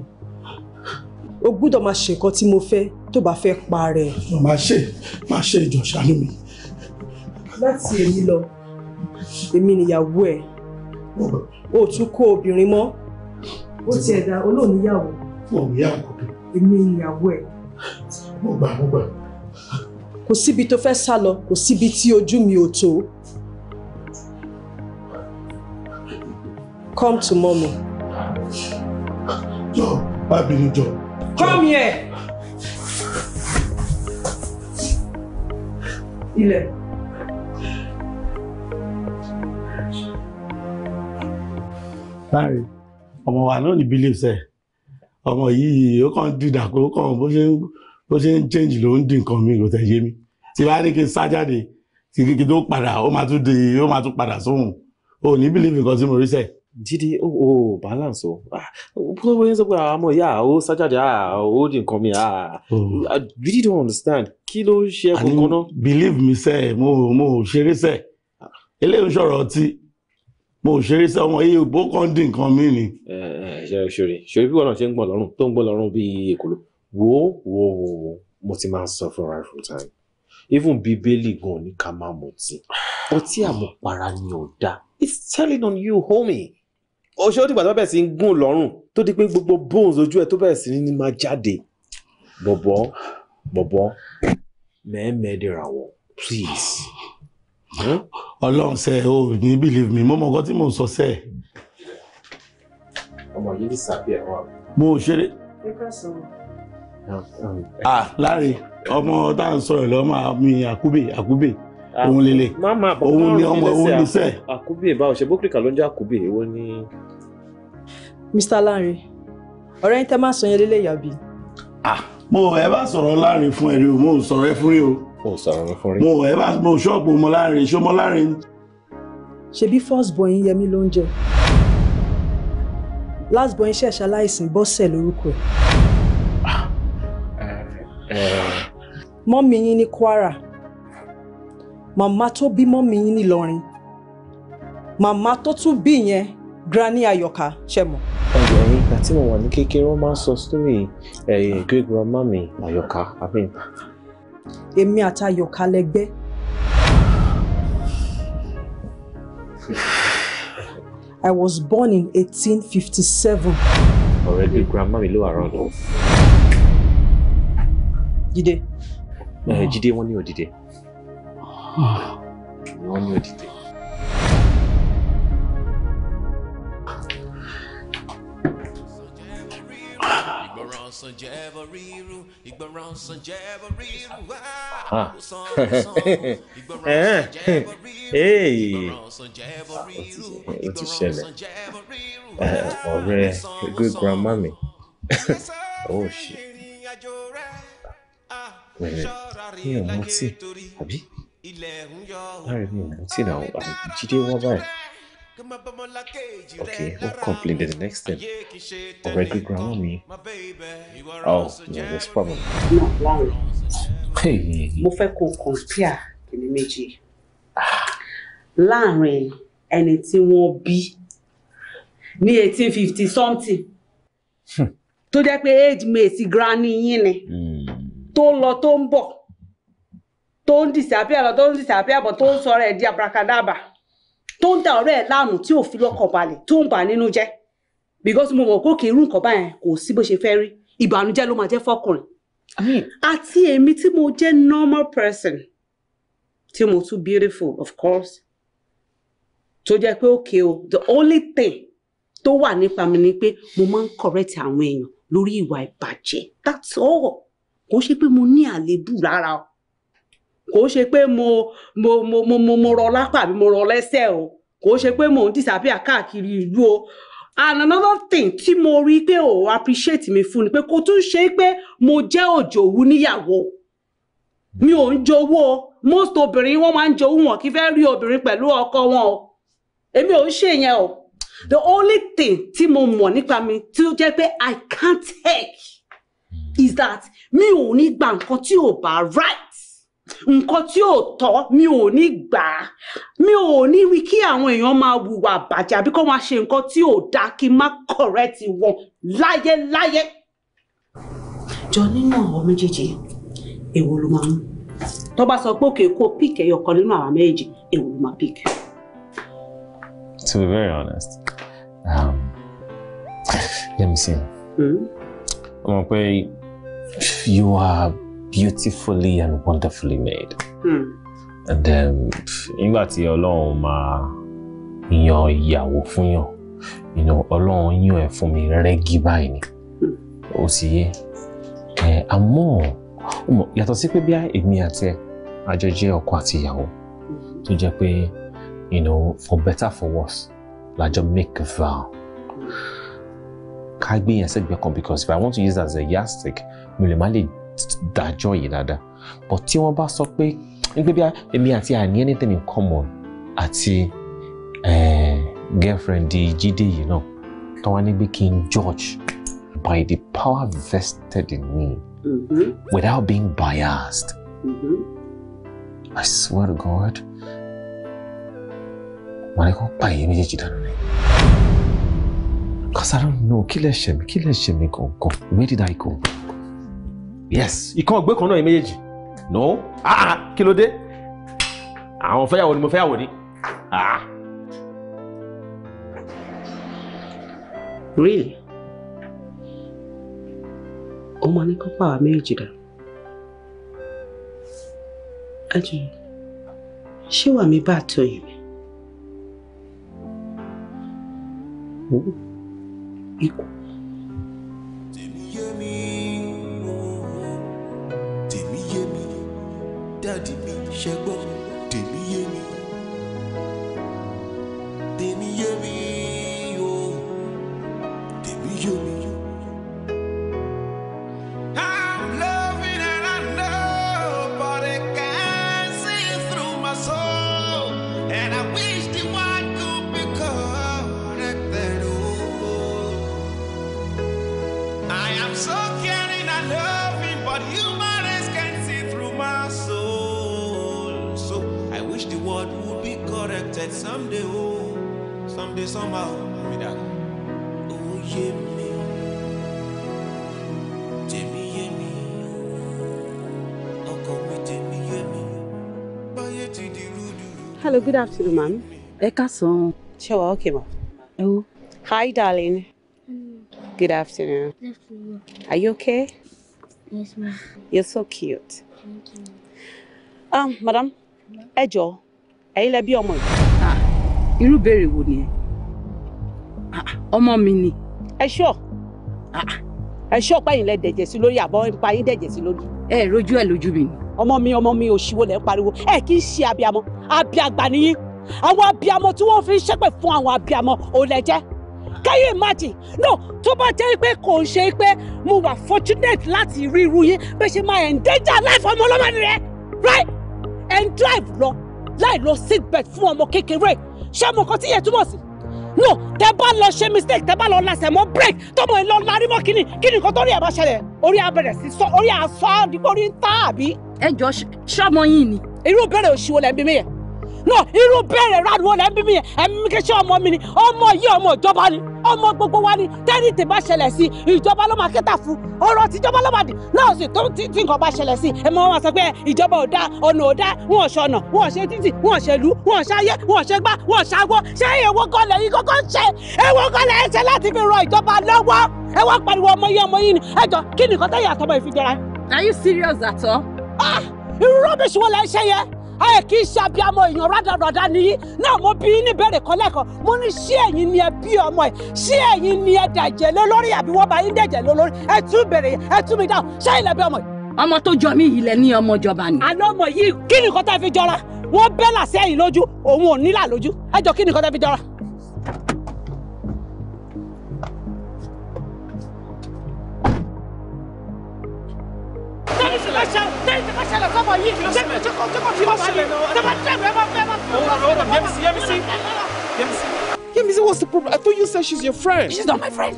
o gbúdọ̀ máa ṣe nǹkan tí mo fẹ́ tó bá fẹ́ pa ara màá ṣe màá ṣe ìjọ mi láti èmi lọ èmi nìyàwó ẹ o tún kó obìnrin mọ́ ó ti ẹ̀dá olóòníyàwó. mo níyàwó kọ́kẹ́. èmi nìyàwó ẹ. mo gbà mo gbà. kò síbi tó fẹ́ sá lọ kò síbi tí ojú mi ò tó. come to mommy. jọ má bínú jọ. come here. ilẹ̀. láàrin ọmọ wa náà ní beliefs ẹ ọmọ yìí ó kàn dìdà kó kàn bó ṣe ń bó ṣe ń change ló ń di nǹkan mi kò tẹ̀ yé mi tí bá ní kí n sá jáde tí kí n tó padà ó máa tún di ó máa tún padà sóhun ò ní believe nǹkan tí mo rí sẹ́ẹ̀ dídí ó ó balance o ah, bó bó yẹn sọ pé àwọn ọmọ ìyá ah, ó sájáde ah, ó di nǹkan mi i really don't understand kí ló ń ṣe ẹkọ kan náà. believe me sẹ mo mo ṣeré sẹ eléyìí ń sọ̀rọ̀ ọtí mo ṣeré sí ọmọ yìí bó kàn dín nǹkan mí ni. ṣeré ṣeré bí wọn náà ṣe ń gbọ́n lọ́rùn tó ń gbọ́n lọ́rùn bíi èkóló wo wo wo mo ti máa ń sọ fún right from time even bíbélì gan ni ká máa mutí ọtí àmupara ni ò it's telling on you homie oṣù tó ti gbà tó bẹ̀rẹ̀ sí ń gùn lọ́rùn tó di pé gbogbo bones ojú ẹ̀ tó bẹ̀rẹ̀ sí ní máa jáde bọ̀bọ̀ bọ̀bọ̀ mẹ́ẹ̀mẹ́ẹ̀dẹ̀ràwọ̀ please ọlọ́run sẹ́ o ní believe me mo mọ̀ nǹkan tí mò ń sọ sẹ́ ẹ̀. ọmọ yìí disappear wà. mo ṣeré. ah láre ọmọ tá à ń sọ̀rọ̀ lọ́mọ mi àkúbè àkúbè ah, òun lele òun ni ọmọ òun ni sẹ́. àkúbè báwo ṣe bókìrìkà ló ń jẹ́ àkúbè èwo ni. Mr. Lanre ọ̀rẹ́ yín tẹ́ máa sọ yẹn lélẹ́yàbí. ah mo ẹ bá sọ̀rọ̀ Lanre fún ẹ rí o mo sọ̀rọ̀ ẹ fún rí o. ó sọ̀rọ̀ fún rí. mo ẹ bá mo ṣọ́ọ̀bù mọ́lárin ṣó mọ́lárin. ṣebí first boy ń yẹmí lóúnjẹ last boy ń ṣẹ̀ṣẹ̀ aláìsàn bọ́sẹ̀ lórúkọ ẹ̀. Ah, eh, eh. mọ́mí yín ní Kwara màmá tó bí mọ́mí yín ní Ìlọrin màmá tó tún bí yẹn granny Ayọ̀ká ṣe mọ̀. ọ̀gbìn ìgbà tí mo wà ní kékeré wọ́n máa ń sọ sórí eh, great grandma mi Ayọ̀ká abẹ́yìnbá èmi àtayọ̀ kalẹ̀gbẹ́. I was born in 1857. Already grandma mi ló wà rán. Jídé. Jídé wọ́n ní òdìdé. Wọ́n ní òdìdé. sàn jẹ́ bọ̀ ríru ìgbọràn sàn jẹ́ bọ̀ ríru àwòsàn sàn good grandma mi oh shit mi ò mọtí àbí láàrin mi ò mọtí náà àbí jíde wá báyìí. Okay, we'll complete the next step. Already ground me. Oh, no, there's problem. No, long. Hey. Mo fẹ́ kó compare kìnní méjì. Láàárín ẹni tí wọ́n bí ní 1850 something. Hmm. To jẹ́ pé age mate granny yín ni. Hmm. To lọ tó ń bọ̀. Tó disappear lọ tó ń disappear but tó ń sọ̀rọ̀ di abracadabra tó ń da ọ̀rẹ́ ẹ̀ láàmú tí ò fi lọ́kàn balẹ̀ tó ń bà nínú jẹ́ because mo mọ̀ pé kì í rú nǹkan báyẹn kò sí bó ṣe fẹ́ rí ìbànújẹ́ ló máa jẹ́ fọkùnrin àti èmi tí mo jẹ́ normal person tí mo tún beautiful of course tó jẹ́ pé òkè o the only thing tó wà nípa mi ni pé mo máa ń correct àwọn èèyàn lórí ìwà ìbàjẹ́ that's all kò ṣe pé mo ní àléébù rárá o kò ṣe pé mo mo mo mo mo mo rọ lápá àbí mo rọ lẹ́sẹ̀ o kò ṣe pé mo ń disappear káàkiri ìlú o and another thing tí mo rí pé ò appreciate mi fún ni pé kò tún ṣe pé mo jẹ́ òjòwú níyàwó mi ò ń jowó most obìnrin wọ́n máa ń jowú wọn kí fẹ́ rí obìnrin pẹ̀lú ọkọ wọn o èmi ò ń ṣe yẹn o the only thing tí mo mọ̀ nípa mi tí ó jẹ́ pé i can't take is that mi ò ní gba nǹkan tí ò bá right nǹkan tí ò tọ́ mi ò ní gbà á mi ò ní wí kí àwọn èèyàn máa hùwà bàjẹ́ àbí kó máa ṣe nǹkan tí ò dáa kí n má kọ̀rẹ́tì wọn láyéláyé. jọ nínú àwọn méjèèjì èwo ló máa mú tó bá sọ pé òkè kó pick ẹyọ kan nínú àwọn méjèèjì èwo ló máa pick. to be very honest um, yẹmísí hmm? mo mọ̀ pé you are beautifully and wonderfully made. Hmm. And then nígbà tí Ọlọ́run máa yan ìyàwó fún yàn, you know, Ọlọ́run yàn ẹ̀ fún mi rẹ́gí báyìí ni. Hmm. Ó sì yé. Àmọ́ yàtọ̀ sí pé bí èmi àti ẹ̀ àjọ jẹ́ ọkọ àti ìyàwó hmm. tó jẹ́ pé you know, for better for worse lájọ make a vow. Ká gbé yẹn sẹ́gbẹ̀ẹ́ kan because if I want to use that as a yardstick, mi lè má lè dájọ́ yìí dáadáa but tí wọ́n bá sọ pé nígbà bí èmi àti àní anything in common àti eh, girlfriend di jíde yìí náà tó wá níbi kí n judge by the power vested in me mm -hmm. without being biased mm -hmm. I swear to God màá ní kó pààyè méjèèjì dànù ni. Because I don't know, kí lẹ ṣe mí, kí lẹ ṣe mí where did I go? yes ìkan ọgbẹ́ kan náà yẹn méjèèjì no ah, ah kí ló dé àwọn fẹ́yàwó ni mo fẹ́yàwó ni ah. really ó máa ní kópa àwa méjèèjì dà ẹjọ ṣé wà mí bá tó yìí mi ikú jáde bí ṣẹgbọ́n. said someday, oh, someday, somehow, I mean that. Oh, yeah, me. Tèmi yé mi, ọkọ mi tèmi yé mi, báyé ti di rúdurù. Hello, good afternoon, ma'am. Eka song. Ṣé wàá okay ma? Ẹ Hi, darling. Mm. Good afternoon. Good afternoon. Are you okay? Yes, ma'am. You're so cute. Thank you. Um, madam, Ejo, are you lẹ bí ọmọ yìí irú ìbéèrè wo nìyẹn ah, ah, ọmọ mi ni. ẹ ṣọ ah, ẹ ṣọ pẹ̀yìn lẹ dẹ̀jẹ̀ sí lórí àbọ̀ ń pa yín dẹ̀jẹ̀ sí lórí. ẹ rojú ẹ lójú mi ni. ọmọ mi ọmọ mi òṣìwò lẹ ń pariwo ẹ kì í ṣe abiamọ abiagba nìyí àwọn abiamọ tí wọn fi ń ṣépè fún àwọn abiamọ ò lẹ jẹ can you no tó bá jẹ́ pé kò ń ṣe pé mo wà fortunate láti rí irú yín bẹ́ẹ̀ ṣe máa endanger life ọmọ ọlọ́mọ nìyẹn right and drive lọ láì lọ seatbelt fún ọmọ kékeré ṣé mo kàn tí yẹn túmọ̀ sí no tẹ bá lọ ṣe mistake tẹ bá lọ lasẹ̀ mọ́ break tọmọ ẹ lọ larí mọ́ kíni kíni kan tó rí ẹ̀ bá ṣẹlẹ̀ orí abẹ̀rẹ̀ sí sọ orí àṣọ àdìgbò orí ń tá àbí. ẹ jọ ṣọmọ yìí ni. irú bẹ̀rẹ̀ òṣìwò lẹ́ ń bí mi yẹn no irú bẹ̀rẹ̀ rádùn wọn lẹ́ ń bí mi yẹn ẹ̀mí kẹ́sẹ́ ọmọ mi ni ọmọ yìí ọmọ ìjọba ni ọmọ gbogbo wa ni tẹ́rìtì bá ṣẹlẹ̀ sí ìjọba ló máa kẹ́ta fún ọ̀rọ̀ tíjọba ló máa dì náà sì tó tí nǹkan bá ṣẹlẹ̀ sí ẹ mọ́ wọn sọ pé ìjọba ò dá ọ̀nà ò dá wọn ò ṣọ̀nà wọn ò ṣe títì wọn ò ṣe lú wọn ò ṣayé wọn ò ṣe gbá wọn ò ṣàgbọ́ ṣé èwo kan lẹ́yìn kọ́kọ́ ń ṣe èwo kan lẹ́yìn ṣe láti fi rọ ìjọba lọ́wọ́ ẹ wá pariwo ọmọ yìí ọmọ yìí ni ẹ jọ kí nìkan tẹ́yà àtọmọ ìfijẹra. Are you serious at all? ah irú rọ́bìṣì wọn lẹ́ ṣe yẹn ẹ kì í ṣe abiyamọ èèyàn rádaràdà nìyí náà mo bí ní bẹ̀rẹ̀ kan lẹ́kọ̀ọ́ mo ní ṣé ẹ̀yin ni ẹ bí ọmọ ẹ̀ ṣé ẹ̀yin ni ẹ dẹ̀jẹ̀ lé lórí àbí wọ́n bá yín dẹ̀jẹ̀ lé lórí ẹ tún bẹ̀rẹ̀ ẹ tún mi dáhùn ṣé ilẹ̀ bí ọmọ yìí. ọmọ tó jọ mí yìí lẹ ní ọmọ ìjọba ni. àná ọmọ yìí kí ni nǹkan tá a fi jọra wọn bẹ́ là sẹ́yìn lójú òun ò nílà lójú ẹ jọ kí ni nǹkan tá a fi jọra. tẹ́lifíṣẹ́ lọ sọ tẹ́lifíṣẹ́ lọ sọ Yemisi what's the problem I thought you said she's your friend. she's not my friend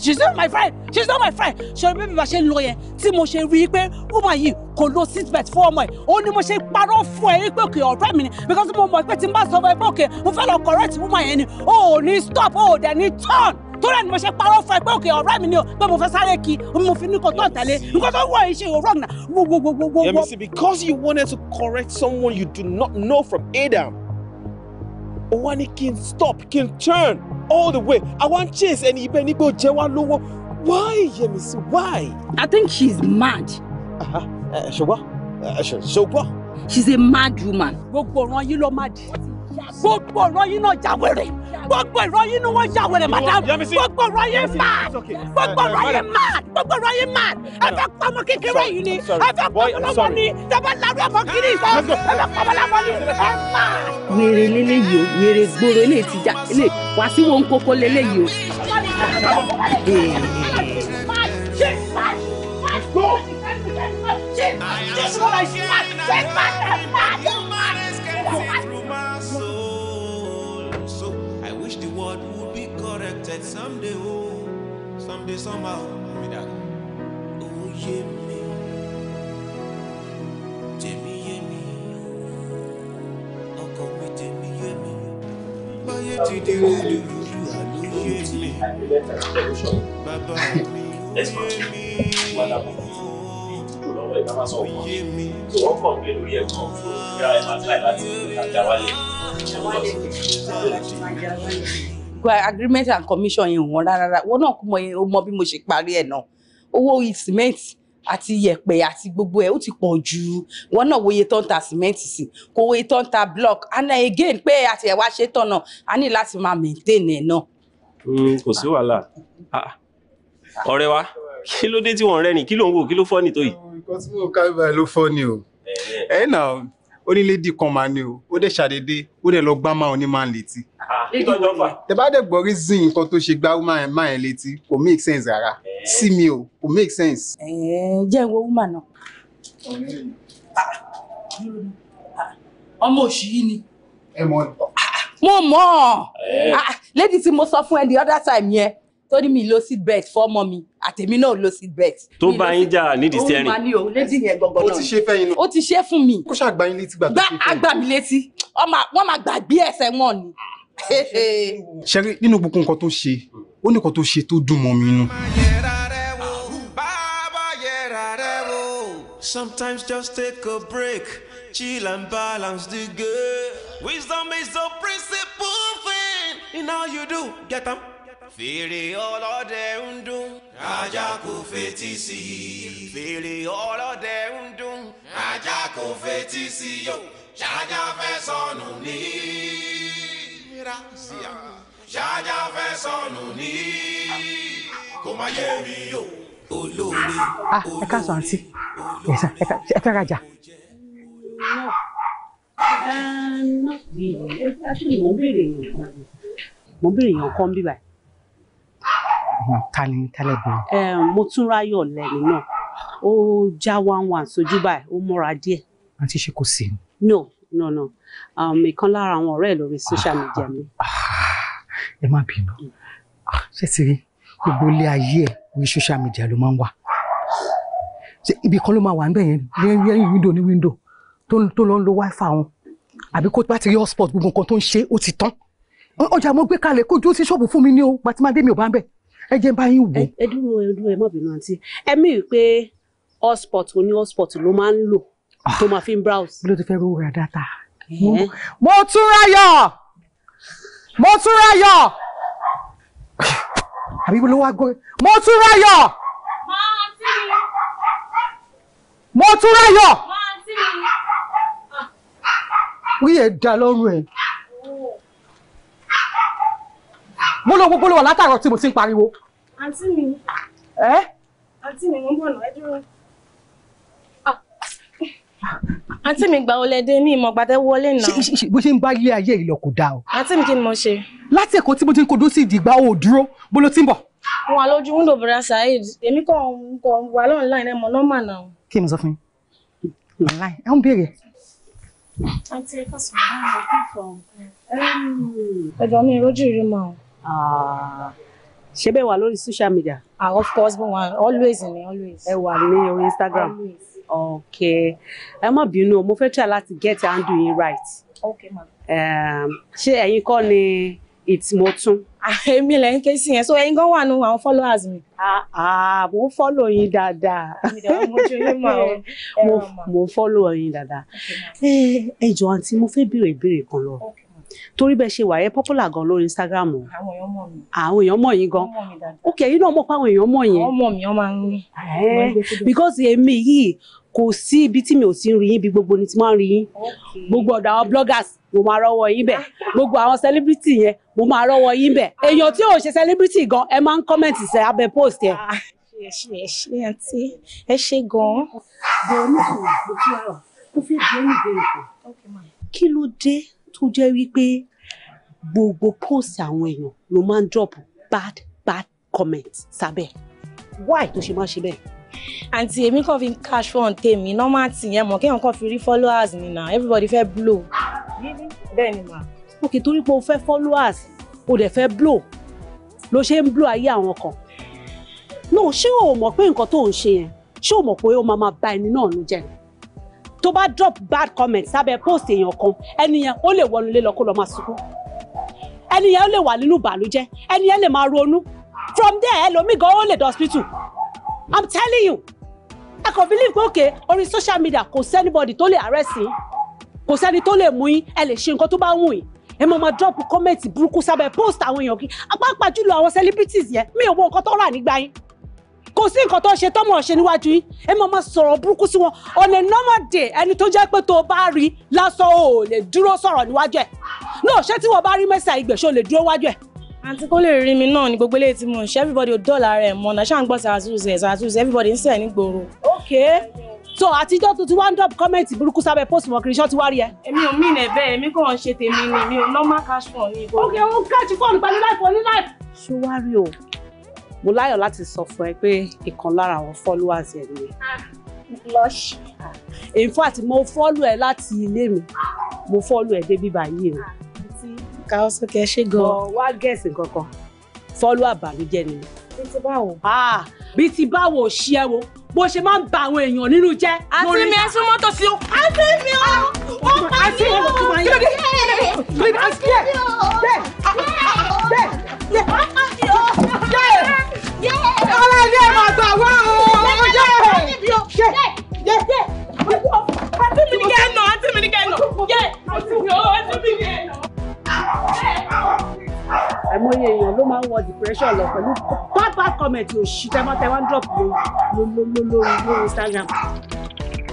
she's not my friend she's not my friend ṣọlá bí mi bá ṣe lọ yẹn tí mo ṣe rí i pé woman yìí kò lo seatbelt fún ọmọ ẹ̀ ó ní mo ṣe parọ́ fún ẹ pé kì ọ̀rẹ́ mi ni because mo mọ̀ pé tí n bá sọ fún ẹ pé òkè mo fẹ́ lọ correct woman yẹn ni o ò ní stop o ò dẹ̀ ní turn torí ẹni mo ṣe parọ́ fún ẹ pé òkè ọ̀rẹ́ mi ni o pé mo fẹ́ sáré kí mo fi ní kò tó tẹ̀lé nǹkan tó wọ̀ yìí ṣe ò wrong na gbogbogbogbogbò. Yemisi because you wanted to correct someone you do not know from Adam o wá ní kí stop kí turn all the way i want chase and ibẹ̀ nígbà ó jẹ why Yemisi why. i think she's mad. she is mad. ṣùgbọ́n eh, ṣùgbọ́n. she She's a mad woman. Go go run. ló má di gbogbo ọ̀rọ̀ yín náà jàwèrè gbogbo ọ̀rọ̀ yín ni wọ́n jàwèrè madam gbogbo ọ̀rọ̀ mad gbogbo ọ̀rọ̀ mad gbogbo ọ̀rọ̀ mad ẹ fẹ́ kékeré yìí ni ẹ fẹ́ ni tẹ́fẹ́ larú kiri ìfọ́ ẹ fẹ́ ni ẹ má. wèrè lélẹ́yìí o wèrè gbòòrò lè ti já lè wá sí wọn kókó lélẹ́yìí o. someday oh someday somehow mi dà owó yé mi tèmi yé mi ọkọ mi tèmi yé mi báyé ti di rúdurùdu àló yé mi bàbá mi ó yé mi ó yé mi ó yé mi agreement and commission yẹn wọ́n rárá wọ́n náà kú mọ bí mo ṣe parí ẹ̀ náà owó cement àti yẹ̀pẹ̀ àti gbogbo ẹ̀ ó ti pọ̀ jù wọ́n náà wòye tó ń ta sìmẹ́ǹtì sí kò wòye tó ń ta block and again pé àti ẹ̀wá ṣe tán náà a ní láti máa maintain ẹ̀ náà. Hmm, kò sí wàhálà ah, ọ̀rẹ́ wa kí ló dé tí wọ́n rẹ́rìn kí ló ń wò kí ló fọ́ ni tó yìí. nǹkan tí mo kárí báyìí ló fọ́ ni o. ẹ̀ eh, eh. eh, náà ó ní lédi kan máa ní o ó dẹ̀ ṣàdédé ó dẹ̀ lọ gbá máa ò ní máa ń létí. Ah, tẹ gbọ́ rí zin nǹkan tó ṣe gbá máa ẹ̀ létí kò make sense rárá eh. sí mi o kò make sense. ẹ eh, jẹ́ ìwọ woman náà. ọmọ òṣì yìí ni. ẹ mọ̀ ọ́. mo mọ̀ ọ́ eh. ah, lady tí mo sọ fún ẹ the other time yẹn. Yeah tó ní mi lo seat belt fọ́mọ mi àtèmi náà lo seat belt. tó bá yín jà nídìí sẹ́rìn. ó máa ní o lédi yẹn gbọ̀ngàn náà. ó ti ṣe fẹ́ yín náà. ó ti ṣe fún mi. kó ṣáà gbá yín létí gbà tó ṣe fún mi. gbá àgbà mi létí wọ́n máa gbàgbé ẹsẹ̀ wọn ni. ṣẹ́rí nínú gbogbo nǹkan tó ṣe ó ní nǹkan tó ṣe tó dùn mọ́ mi nù. Sometimes just take a break, chill and balance the game. Wisdom is the principal thing in all you do. Get them fèrè ọlọ́dẹ ń dún. ajá kò fetí sí i. fèrè ọlọ́dẹ ń dún. ajá kò fetí sí i yó. ṣáájá fẹ́ sọnù ní. ṣáájá fẹ́ sọnù ní. kò má yé mi yó. olóore. Ah, ẹ ká sọ àǹtí ẹ fẹ́ rajà. mo ń béèrè yàn kan mo ń béèrè yàn kan bíbáyìí ta ni tẹ́lẹ̀ bẹ̀rẹ̀. mo tún ráyọ̀ lẹ́nu náà ó já one one sójú báyìí ó múra díẹ̀. wọ́n ti ṣe kò sí. no no no ìkan lára àwọn ọ̀rẹ́ lórí social media mi. Ah, ẹ má bínú ah, ṣé ti rí gbogbo ilé ayé ẹ orí social media ló máa ń wà ibi kan ló máa wà níbẹ̀ yẹn lẹ́yìn window ní window tó lọ ń lo wifi wọn àbí kó bá ti rí hotspot gbogbo nǹkan tó ń ṣe ó ti tán ọjà mo gbé kalẹ̀ kó dúró sí ṣọ́ọ̀bù fún mi ní o gbàtímádé mi ò bá ń bẹ̀ ẹ jẹ́ bá yín wò. ẹ dúró ẹ dúró ẹ má bínú àǹtí ẹ mí rí i pé hotspot oní hotspot ló máa ń lò ah. tó máa fi ń browse. ló ti fẹ́ rówó ra data. mo tún ráyọ̀ mo tún ráyọ̀ àbí ló wá gbọ́ mo tún ráyọ̀ mo tún ráyọ̀ wí dá lọ́rùn ẹ̀. mo lọ gbogbo lọ wà látàárọ̀ tí mo ti ń pariwo. àǹtí mi ẹ àǹtí mi mo ń bọ̀ náà ẹ dúró. Ah. àǹtí mi gbà wọlé ní ìmọ̀ wọlé náà. bó ṣe ń bá ilé ayé ìlọ kò dáa o. àǹtí mi kí ni mo ṣe. láti èkó tí mo ti ń kodó sí ìdìgbà o ò dúró bó ló ti ń bọ̀. wọn wà lójú wíńdò bẹ̀rẹ̀ saheed èmi kàn kàn wà lọ́nà láì náà mọ̀ nọ́mà náà. kí ni mo sọ fún yín online ẹ ń béèrè. àǹtí ẹ kọ́ ẹ̀jọ̀ mi ìrójú ìrímọ̀ Ah. ṣé bẹ́ẹ̀ wà lórí social media. ah of course mo wà always ni always. ẹ wà ní orí Instagram. always. ok ẹ má bínú mo fẹ́ try láti get handle yín right. ok ma. ṣé ẹ̀yin kọ́ ni ìtìmọ̀tún. Ah, èmi lẹ́yìn ké sí yẹn so ẹ̀yin gan wà nù àwọn followers mi. Ah, mo ń follow yín dáadáa. mo follow yín dáadáa. Eh, ẹ jọ àǹtí mo fẹ́ béèrè ìbéèrè kan lọ. ok torí bẹ́ẹ̀ ṣe wà yẹn popular gan lórí Instagram o. àwọn èèyàn mọ̀ mí. Ah, yín gan. ok yín náà mọ̀ pé àwọn èèyàn mọ̀ yín. wọ́n mọ̀ mí wọ́n máa ń rí. Eh, because èmi yìí kò sí ibi tí mi ò ti ń rí yín bí gbogbo ni ti máa ń rí yín gbogbo ọ̀dọ̀ àwọn bloggers mo máa rọ́wọ́ yín bẹ̀ gbogbo àwọn celebrity yẹn mo máa rọ́wọ́ yín bẹ̀ ah. èèyàn tí ò ṣe celebrity gan ẹ máa ń comment sí abẹ́ post yẹn ah, ẹ ṣe ẹ ṣe àǹtí ẹ ṣe gan-an. bẹ́ẹ̀ ni kò gbójú ọ̀rọ̀ kó fẹ́ bí ẹni bẹ́ẹ̀ kí ló dé tó jẹ́ wípé gbogbo post àwọn èèyàn ló máa ń drop bad bad comment sábẹ́ why tó ṣe máa ṣe bẹ́ẹ̀. àǹtí èmi kàn fi cash fund tèmi normal tì yẹn mọ̀ kéèyàn kàn fi rí followers mi náà everybody fẹ́ blow. bẹ́ẹ̀ ni Ma, òkè torí pé o fẹ́ followers o dẹ̀ fẹ́ blow ló ṣe ń blow ayé àwọn kan no ṣé o mọ̀ pé nǹkan tó ń ṣe yẹn ṣé o mọ̀ pé o máa máa ba ẹni náà nu ni tó bá drop bad comments, sábẹ́ post èèyàn kan ẹni yẹn ó lè wọnú lé lọ kó lọ máa sunkún ẹni yẹn ó lè wà nínú ìbànújẹ́ ẹni yẹn lè máa ronú from there ẹlòmíì gan ó lè dọ hospital i'm telling you I kò believe pé òkè social media kò anybody? tó lè arrest yín kò sẹ́ni tó lè mú yín ẹ lè ṣe nǹkan tó bá wù yín ẹ mọ̀ máa drop comment burúkú sábẹ́ post àwọn èèyàn kí apá pàjùlọ àwọn celebrities yẹn mi ò mọ nǹkan tó rà nígbà yín kò sí nǹkan tó ṣe tọ́mọ̀ ṣe níwájú yín ẹ máa máa sọ̀rọ̀ burúkú sí wọn on a normal day ẹni tó jẹ́ pé tó bá rí lásán ò lè dúró sọ̀rọ̀ níwájú ẹ̀ náà ṣé tí wọ́n bá rí mẹ́sà ìgbẹ̀ ṣó lè dúró wájú ẹ̀. àǹtí kó lè rí mi náà ní gbogbo eléyìí tí mo ń ṣe everybody ò dọ́ọ̀là rẹ̀ mọ̀ náà ṣáà ń gbọ́ sàràtúnṣe sàràtúnṣe everybody ń sẹ̀ ní gbòòrò. okay so àtijọ́ tó ti wá ń dọ́ọ̀bù kọ́mẹ̀ntì burúkú sábẹ́ post mọ̀ kìrìṣọ́ ti wá rí ẹ. èmi ò mí nẹ̀ bẹ́ẹ̀ èmi kàn ń ṣe tèmi ni mi ò normal cash phone ni. ok òun kẹ́ẹ̀tì fóònù pẹ̀lú láìpẹ́ oníláìpẹ́. ṣé wàá rí o mo láyọ̀ láti sọ fún ẹ pé ìkan lára àwọn followers ẹ ni. blush. Ah, in fact mo follow ẹ láti ilé mi mo follow ẹ débi báyìí o. ká ọ sókè ṣé gan. wá gẹ̀ẹ́sì kankan follow àbàmíjẹ ni. bí ti báwo. Ah, bí ti báwo ṣí ẹ wo bó ṣe máa ń ba àwọn èèyàn nínú jẹ́. àti mi ẹ mọ́tò sí o. àti mi o ah, ó pa mí o kílódé kílódé àti bẹ́ẹ̀ bẹ́ẹ̀ bẹ́ẹ̀ ó pa mí o ọ̀rẹ́ ilé ẹ̀ máa gbà wá o yé yé yé. àti mi ni kẹ́ ẹ̀ nà àti mi ni kẹ́ ẹ̀ nà yé àti mi ò àti àìmọye èèyàn ló máa ń wọ depression lọ pẹ̀lú bad bad comment òṣì tẹmọ́tẹmọ́ drop lórí Instagram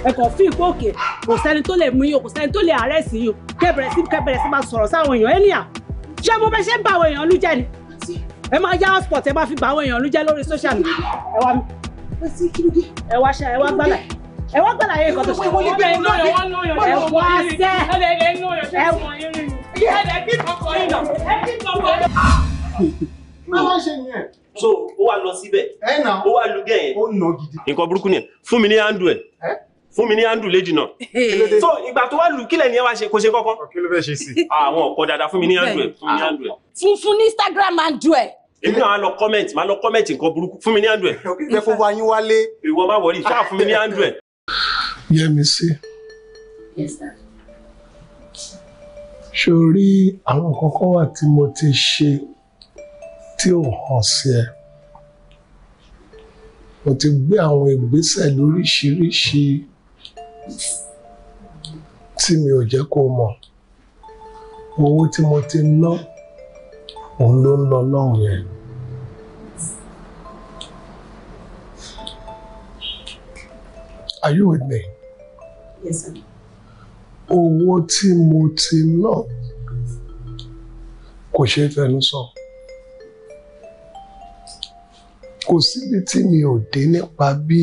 ẹkọ fún ìkóòkè kò sẹ́ni tó lè mú yín o kò sẹ́ni tó lè àárẹ̀ sí yín o kẹbẹ̀rẹ̀ sí kẹbẹ̀rẹ̀ sí máa sọ̀rọ̀ sáwọn èèyàn ẹnìyà ṣé mo fẹ́ ṣe ń bá àwọn èèyàn lújẹ ni ẹ máa yá hotspot ẹ máa fi gba àwọn èèyàn lójẹ́ lórí social media ẹ wá mi ẹ wá ṣe ẹ wá gbàlà ẹ wá gbàlà yẹn kan tó ṣe wọ́n bẹ inú yọ ẹ wá sẹ́ ẹ ẹ kí tọkọ yìí náà ẹ kí tọkọ yìí náà. máa ṣe yẹn. so ó wá lọ síbẹ̀ ó wá lugẹ̀ yẹn nǹkan burúkú nìyẹn fún mi ní àǹdù ẹ̀ fún mi ní àndù léjì náà so ìgbà tó wá lù kílẹ̀ ní ẹ wá ṣe kó ṣe kọ́kọ́ kí ló fẹ́ ṣe sí àwọn ọ̀pọ̀ dáadáa fún mi ní àndù ẹ̀ fún mi ní àndù ẹ̀. funfun ní Instagram àndù ẹ̀ èmi náà lọ kọ́mẹ̀ntì máa lọ kọ́mẹ̀ntì nǹkan burúkú fún mi ní àndùẹ̀. ẹ fún wa yín wálé. ìwọ má wọrí ṣáà fún mi ní àndùẹ̀. Yẹ́misí. Yes sir. sórí àwọn nǹkan kan wà tí mo ti ṣe tí ò hàn sí ẹ mo ti gbé àwọn ìgbésẹ̀ lóríṣiríṣi tí mi ò jẹ́ kó mọ̀ owó tí mo ti ná. No òun ló ń lọ lọ́hùn yẹn. Are you with me? Yes, sir. Owó tí mo ti ná kò ṣeé fẹnu sọ. Kò síbi tí mi ò dé nípa bí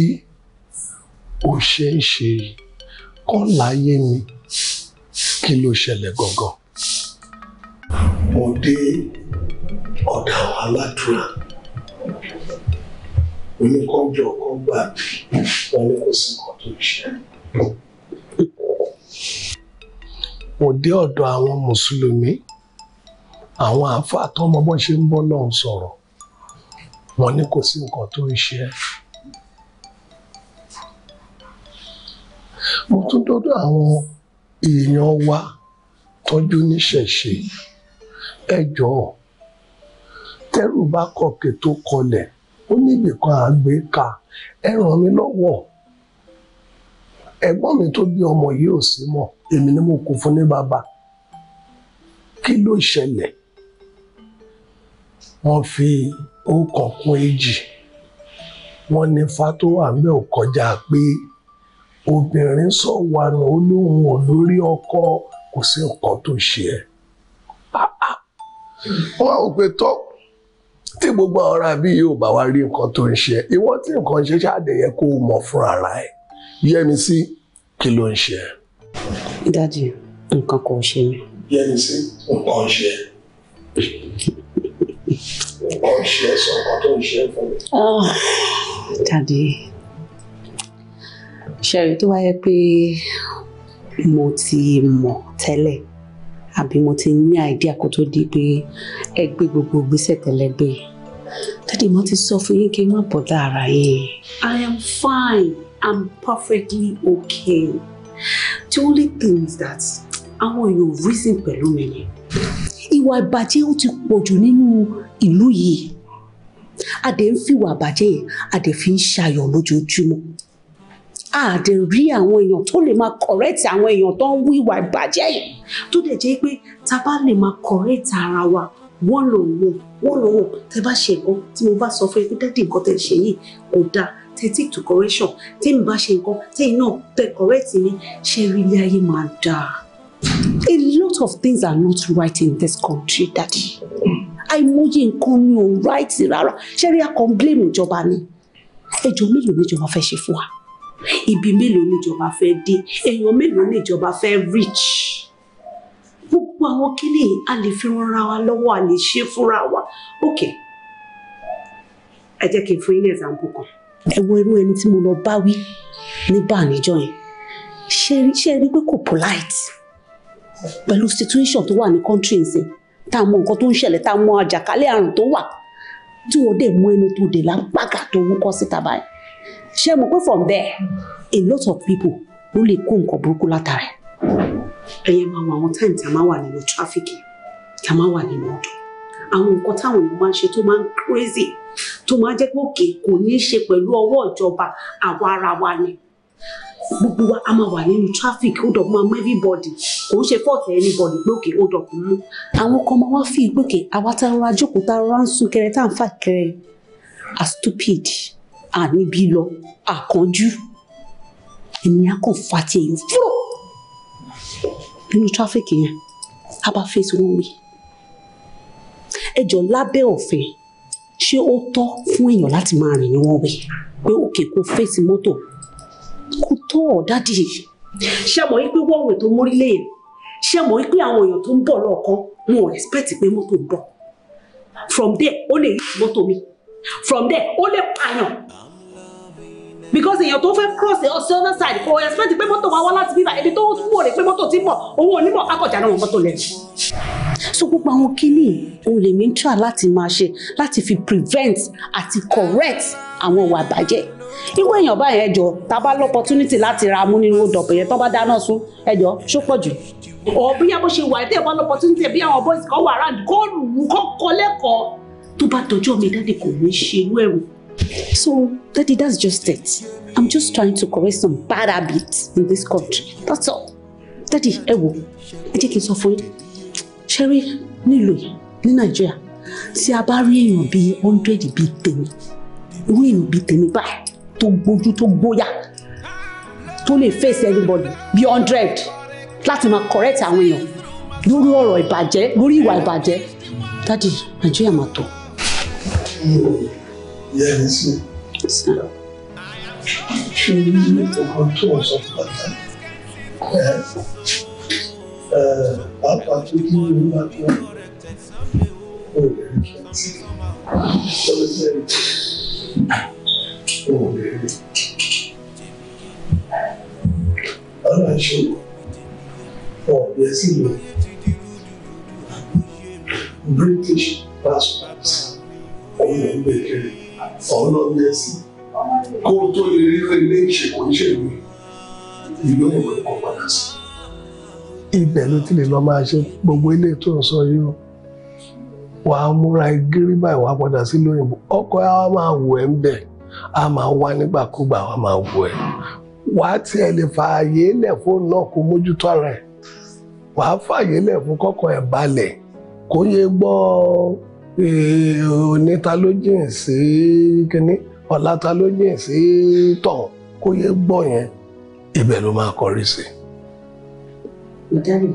o ṣe ń ṣe kọ́ láyé mi kí ló ṣẹlẹ̀ gangan mo dé ọ̀dà àwọn aládùúrà oníkọ́jọ kan gbà mí wọn ní kò sí nǹkan tó ṣe. mo dé ọ̀dọ̀ àwọn mùsùlùmí àwọn àáfàá tọmọ bọ́n ṣe ń bọ́ lọ́hùn sọ̀rọ̀ wọn ní kò sí nǹkan tó ń ṣe ẹ́. mo tún dọ́dọ̀ àwọn èèyàn wa tọ́jú níṣẹ̀ṣe yìí. ẹjọ́ jọ̀ọ́ tẹ́rù tó kọlẹ̀ ó níbì kan ka ẹ ràn lọ́wọ́ ẹ̀gbọ́n mi tó bí ọmọ yìí ò sí mọ̀ èmi ni mo kò fún ní bàbá kí ló ṣẹlẹ̀ wọ́n fi orúkọ kún èjì wọ́n ní fa tó wà ńbẹ̀ ọkọ kò sí nǹkan tó wọ́n ò pé tọ́ tí gbogbo ọ̀rá bí yóò bá wá rí nǹkan tó ń ṣe ìwọ tí nǹkan ṣe ṣáàdẹ̀ yẹ kó mọ̀ fún ara ẹ̀ yẹmi sí kí ló ń ṣe. dádì nǹkan kan ṣe mí. yẹmi sí nǹkan ṣe nǹkan ṣe sọ nǹkan tó ń ṣe fún mi. Ah, dádì ṣẹ̀rí tó wáyé pé mo ti mọ̀ tẹ́lẹ̀ àbí mo ti ní àìdíà kó tó di pé ẹ gbé gbogbo gbèsè tẹ́lẹ̀gbẹ́ dáàdì mo ti sọ fún yín kí n má bọ̀ dára yín. I am fine I'm perfectly okay the only thing is that àwọn èèyàn reason pẹ̀lú mi ni ìwà ìbàjẹ́ ó ti pọ̀ jù nínú ìlú yìí a dẹ̀ ń fi ìwà ìbàjẹ́ yẹn a fi ń ṣayọ̀ lójoojúmọ́ a dẹ̀ rí àwọn èèyàn tó lè máa correct àwọn èèyàn tó ń wíwà ìbàjẹ́ yẹn tó dẹ̀ jẹ́ pé ta bá lè máa correct ara wa wọ́n lò wọ́n wọ́n lò wọ́n tẹ bá ṣe nǹkan tí mo bá sọ fún yín pé dáàdì nǹkan tẹ ṣe yìí kò dáa tẹ to correction tẹ mi bá ṣe nǹkan tẹ iná tẹ correct mi ṣe rí ilé ayé máa dáa. A lot of things are not right in this country daddy àìmọye nǹkan ni ò right rárá ṣe rí a complain ìjọba ni ẹjọ́ mélòó níjọba fẹ́ ṣe fún wa ibi mélòó níjọba fẹ́ dé èèyàn mélòó níjọba fẹ́ reach gbogbo àwọn kíní a lè fi ránra wa lọ́wọ́ a lè ṣe fúnra wa ok ẹ jẹ́ kí n fún yín ní example kan ẹ wo irú ẹni tí mo lọ bá wí ní bàníjọ yẹn ṣe rí pé kò polite pẹ̀lú situation tó wà ní country nsìn tá a mọ nǹkan tó ń ṣẹlẹ̀ tá a mọ àjàkálẹ̀ àrùn tó wà tí wọ́n dẹ̀ mú ẹni tó dé lágbàgà tó wúkọ́ síta báyìí ṣé mo pé from there a lot of people ló lè kó nǹkan burúkú látara ẹ̀yẹ máa wọ àwọn táìmù tí a máa wà nínú tráfíkì tí a máa wà nínú ọdún àwọn nǹkan táwọn èèyàn máa ń ṣe tó máa ń crazy tó máa ń jẹ́ pé òkè kò ní í ṣe pẹ̀lú ọwọ́ ìjọba àwa ara wa ni gbogbo wa a máa wà nínú traffic hold up máa mọ everybody kò ń ṣe fault anybody pé hold up mú. àwọn kan máa wá fi ìgbókè àwa tá a rọra jókòó tá a rọra ń sún kẹrẹ tá a ń fà kẹrẹ are stupid àníbi lọ àkànjú ènìyàn kàn fa ti èyí fúrò nínú tráfíkì yẹn a bá fèsì wọn wí ẹjọ lábẹ́ òfin ṣé ó tọ́ fún èèyàn láti máa rìn ní wọn wí pé òkè kò fèsì mọ́tò kò tọ́ ọ dádì ṣe mọ̀ wípé wọ́n wẹ̀ tó mórí léyìn ṣe mọ̀ wípé àwọn èèyàn tó ń bọ̀ lọ́ọ̀kan wọn ò expect pé mọ́tò ń bọ̀ from there ó lè rí mọ́tò mi from there ó lè pààyàn because èèyàn tó fẹ́ cross the ọ̀nà side kò expect pé mọ́tò wa wá láti bíbá ẹni tó wò rè pé mọ́tò ti mọ̀ òun ò ní mọ̀ akọ̀jà náà wọ́n mọ́tò lẹ̀. so gbogbo àwọn kínní òun lèmi ń try láti máa ṣe láti fi prevent àti correct àwọn ìwà àbàjẹ́ irú èèyàn báyẹn ẹjọ tá a bá lọ́pọ̀tunity láti ra mú nínú dọ̀pọ̀ yẹn tó bá dáná sun ẹjọ ṣó pọ̀ jù ọ̀ bí yàgò ṣe wà tẹ̀ bá lọ́pọ̀tunity bí àwọn boys kan wà around kó kọ́ lẹ́kọ̀ọ́ tó bá tọjú ọmọ ìdáde kò ní ṣerú ẹ̀rù So, Daddy, that's just it. I'm just trying to correct some bad habits in this country. That's all. Daddy, ẹ I take it so for sọ Sherry, Nilo, Ṣẹ́rí Nigeria, see ní Nàìjíríà tí a bá rí èèyàn bíi hundred bíi tèmi, irú èèyàn bíi tèmi báyìí tó gbójú tó gbóyà To lè face everybody be hundred láti máa correct àwọn èèyàn lórí ọ̀rọ̀ ìbàjẹ́ lórí ìwà ìbàjẹ́. Daddy, Nàìjíríà máa tọ̀ ìyá mi sí ṣé nǹkan tó ń sọ fún bàtà ẹ ẹ pàápàá tó kí ló ń bá tó ò lè rí kí n ti lọ́dọ̀ bẹ́ẹ̀ ò lè rí British passport ọ̀hún ló ń ọ̀nà mẹ́sì kó tó lè rí ilé ìṣègùn ìṣègùn ìlú ìwé kò ti lọ máa ṣe gbogbo ilé tó nsọ sọ yìí o wàá múra gírí padà òyìnbó ọkọ máa ẹ a máa wá nígbàkúgbà máa ẹ lè fa náà kó mójútó ara wàá fún ẹ̀ balẹ̀ kó yẹ gbọ́ oníta ló jìn sí kínní ọ̀làta ló jìn sí tọ̀ kó yẹ gbọ́ yẹn ibẹ̀ ló máa kọrí sí. ìdáhùn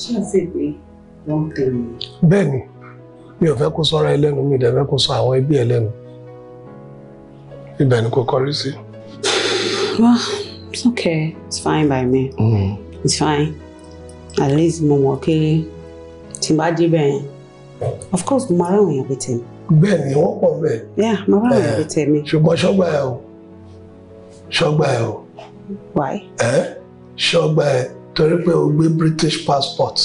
ṣé o fẹ́ pé wọ́n tẹ̀ mí. bẹ́ẹ̀ ni mi ò fẹ́ kó sọ́ra ẹlẹ́nu mi ìdẹ̀fẹ́ kó sọ àwọn ẹbí ẹlẹ́nu ibẹ̀ ni kò kọrí sí. well it's okay it's fine by me mm. it's fine at least mo mọ̀ pé tí n bá débẹ̀ yẹn of course mo máa ráwọn èèyàn bíi tèmi. bẹ́ẹ̀ ni wọ́n pọ̀ bẹ́ẹ̀. yà mo máa ráwọn èèyàn bíi eh, tèmi. ṣùgbọ́n ṣọ́gbà ẹ̀ o ṣọ́gbà ẹ̀ o. why. Eh, ẹ ṣọ́gbà ẹ̀ torí pé o gbé British passport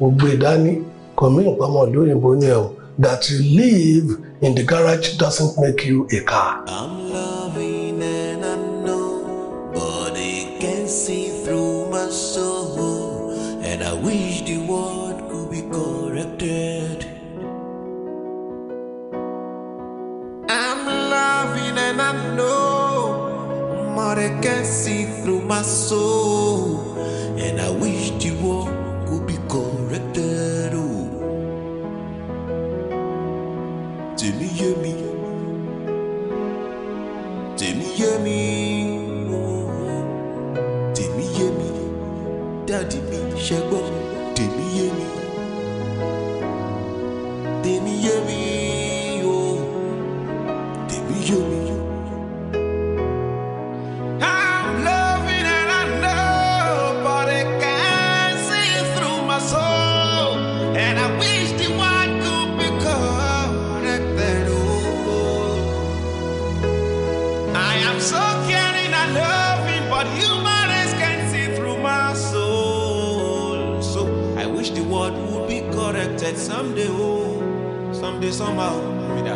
o gbé dání kò mí nǹkan mọ̀ lóyún ni ẹ̀ o that you live in the garage doesn't make you a car. I'm and I know more can see through my soul And I wish the war could be corrected oh. Tèmi yé mi Tèmi mi Tèmi mi Daddy mi ṣẹ́gbọ́n someday oh someday somehow mira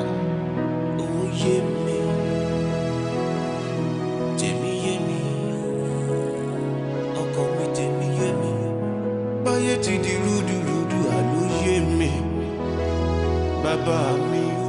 owó yé mi tèmi yé mi ọkọ mi tèmi yé mi báyé ti di rúdurùdu àló yé mi bàbá mi o.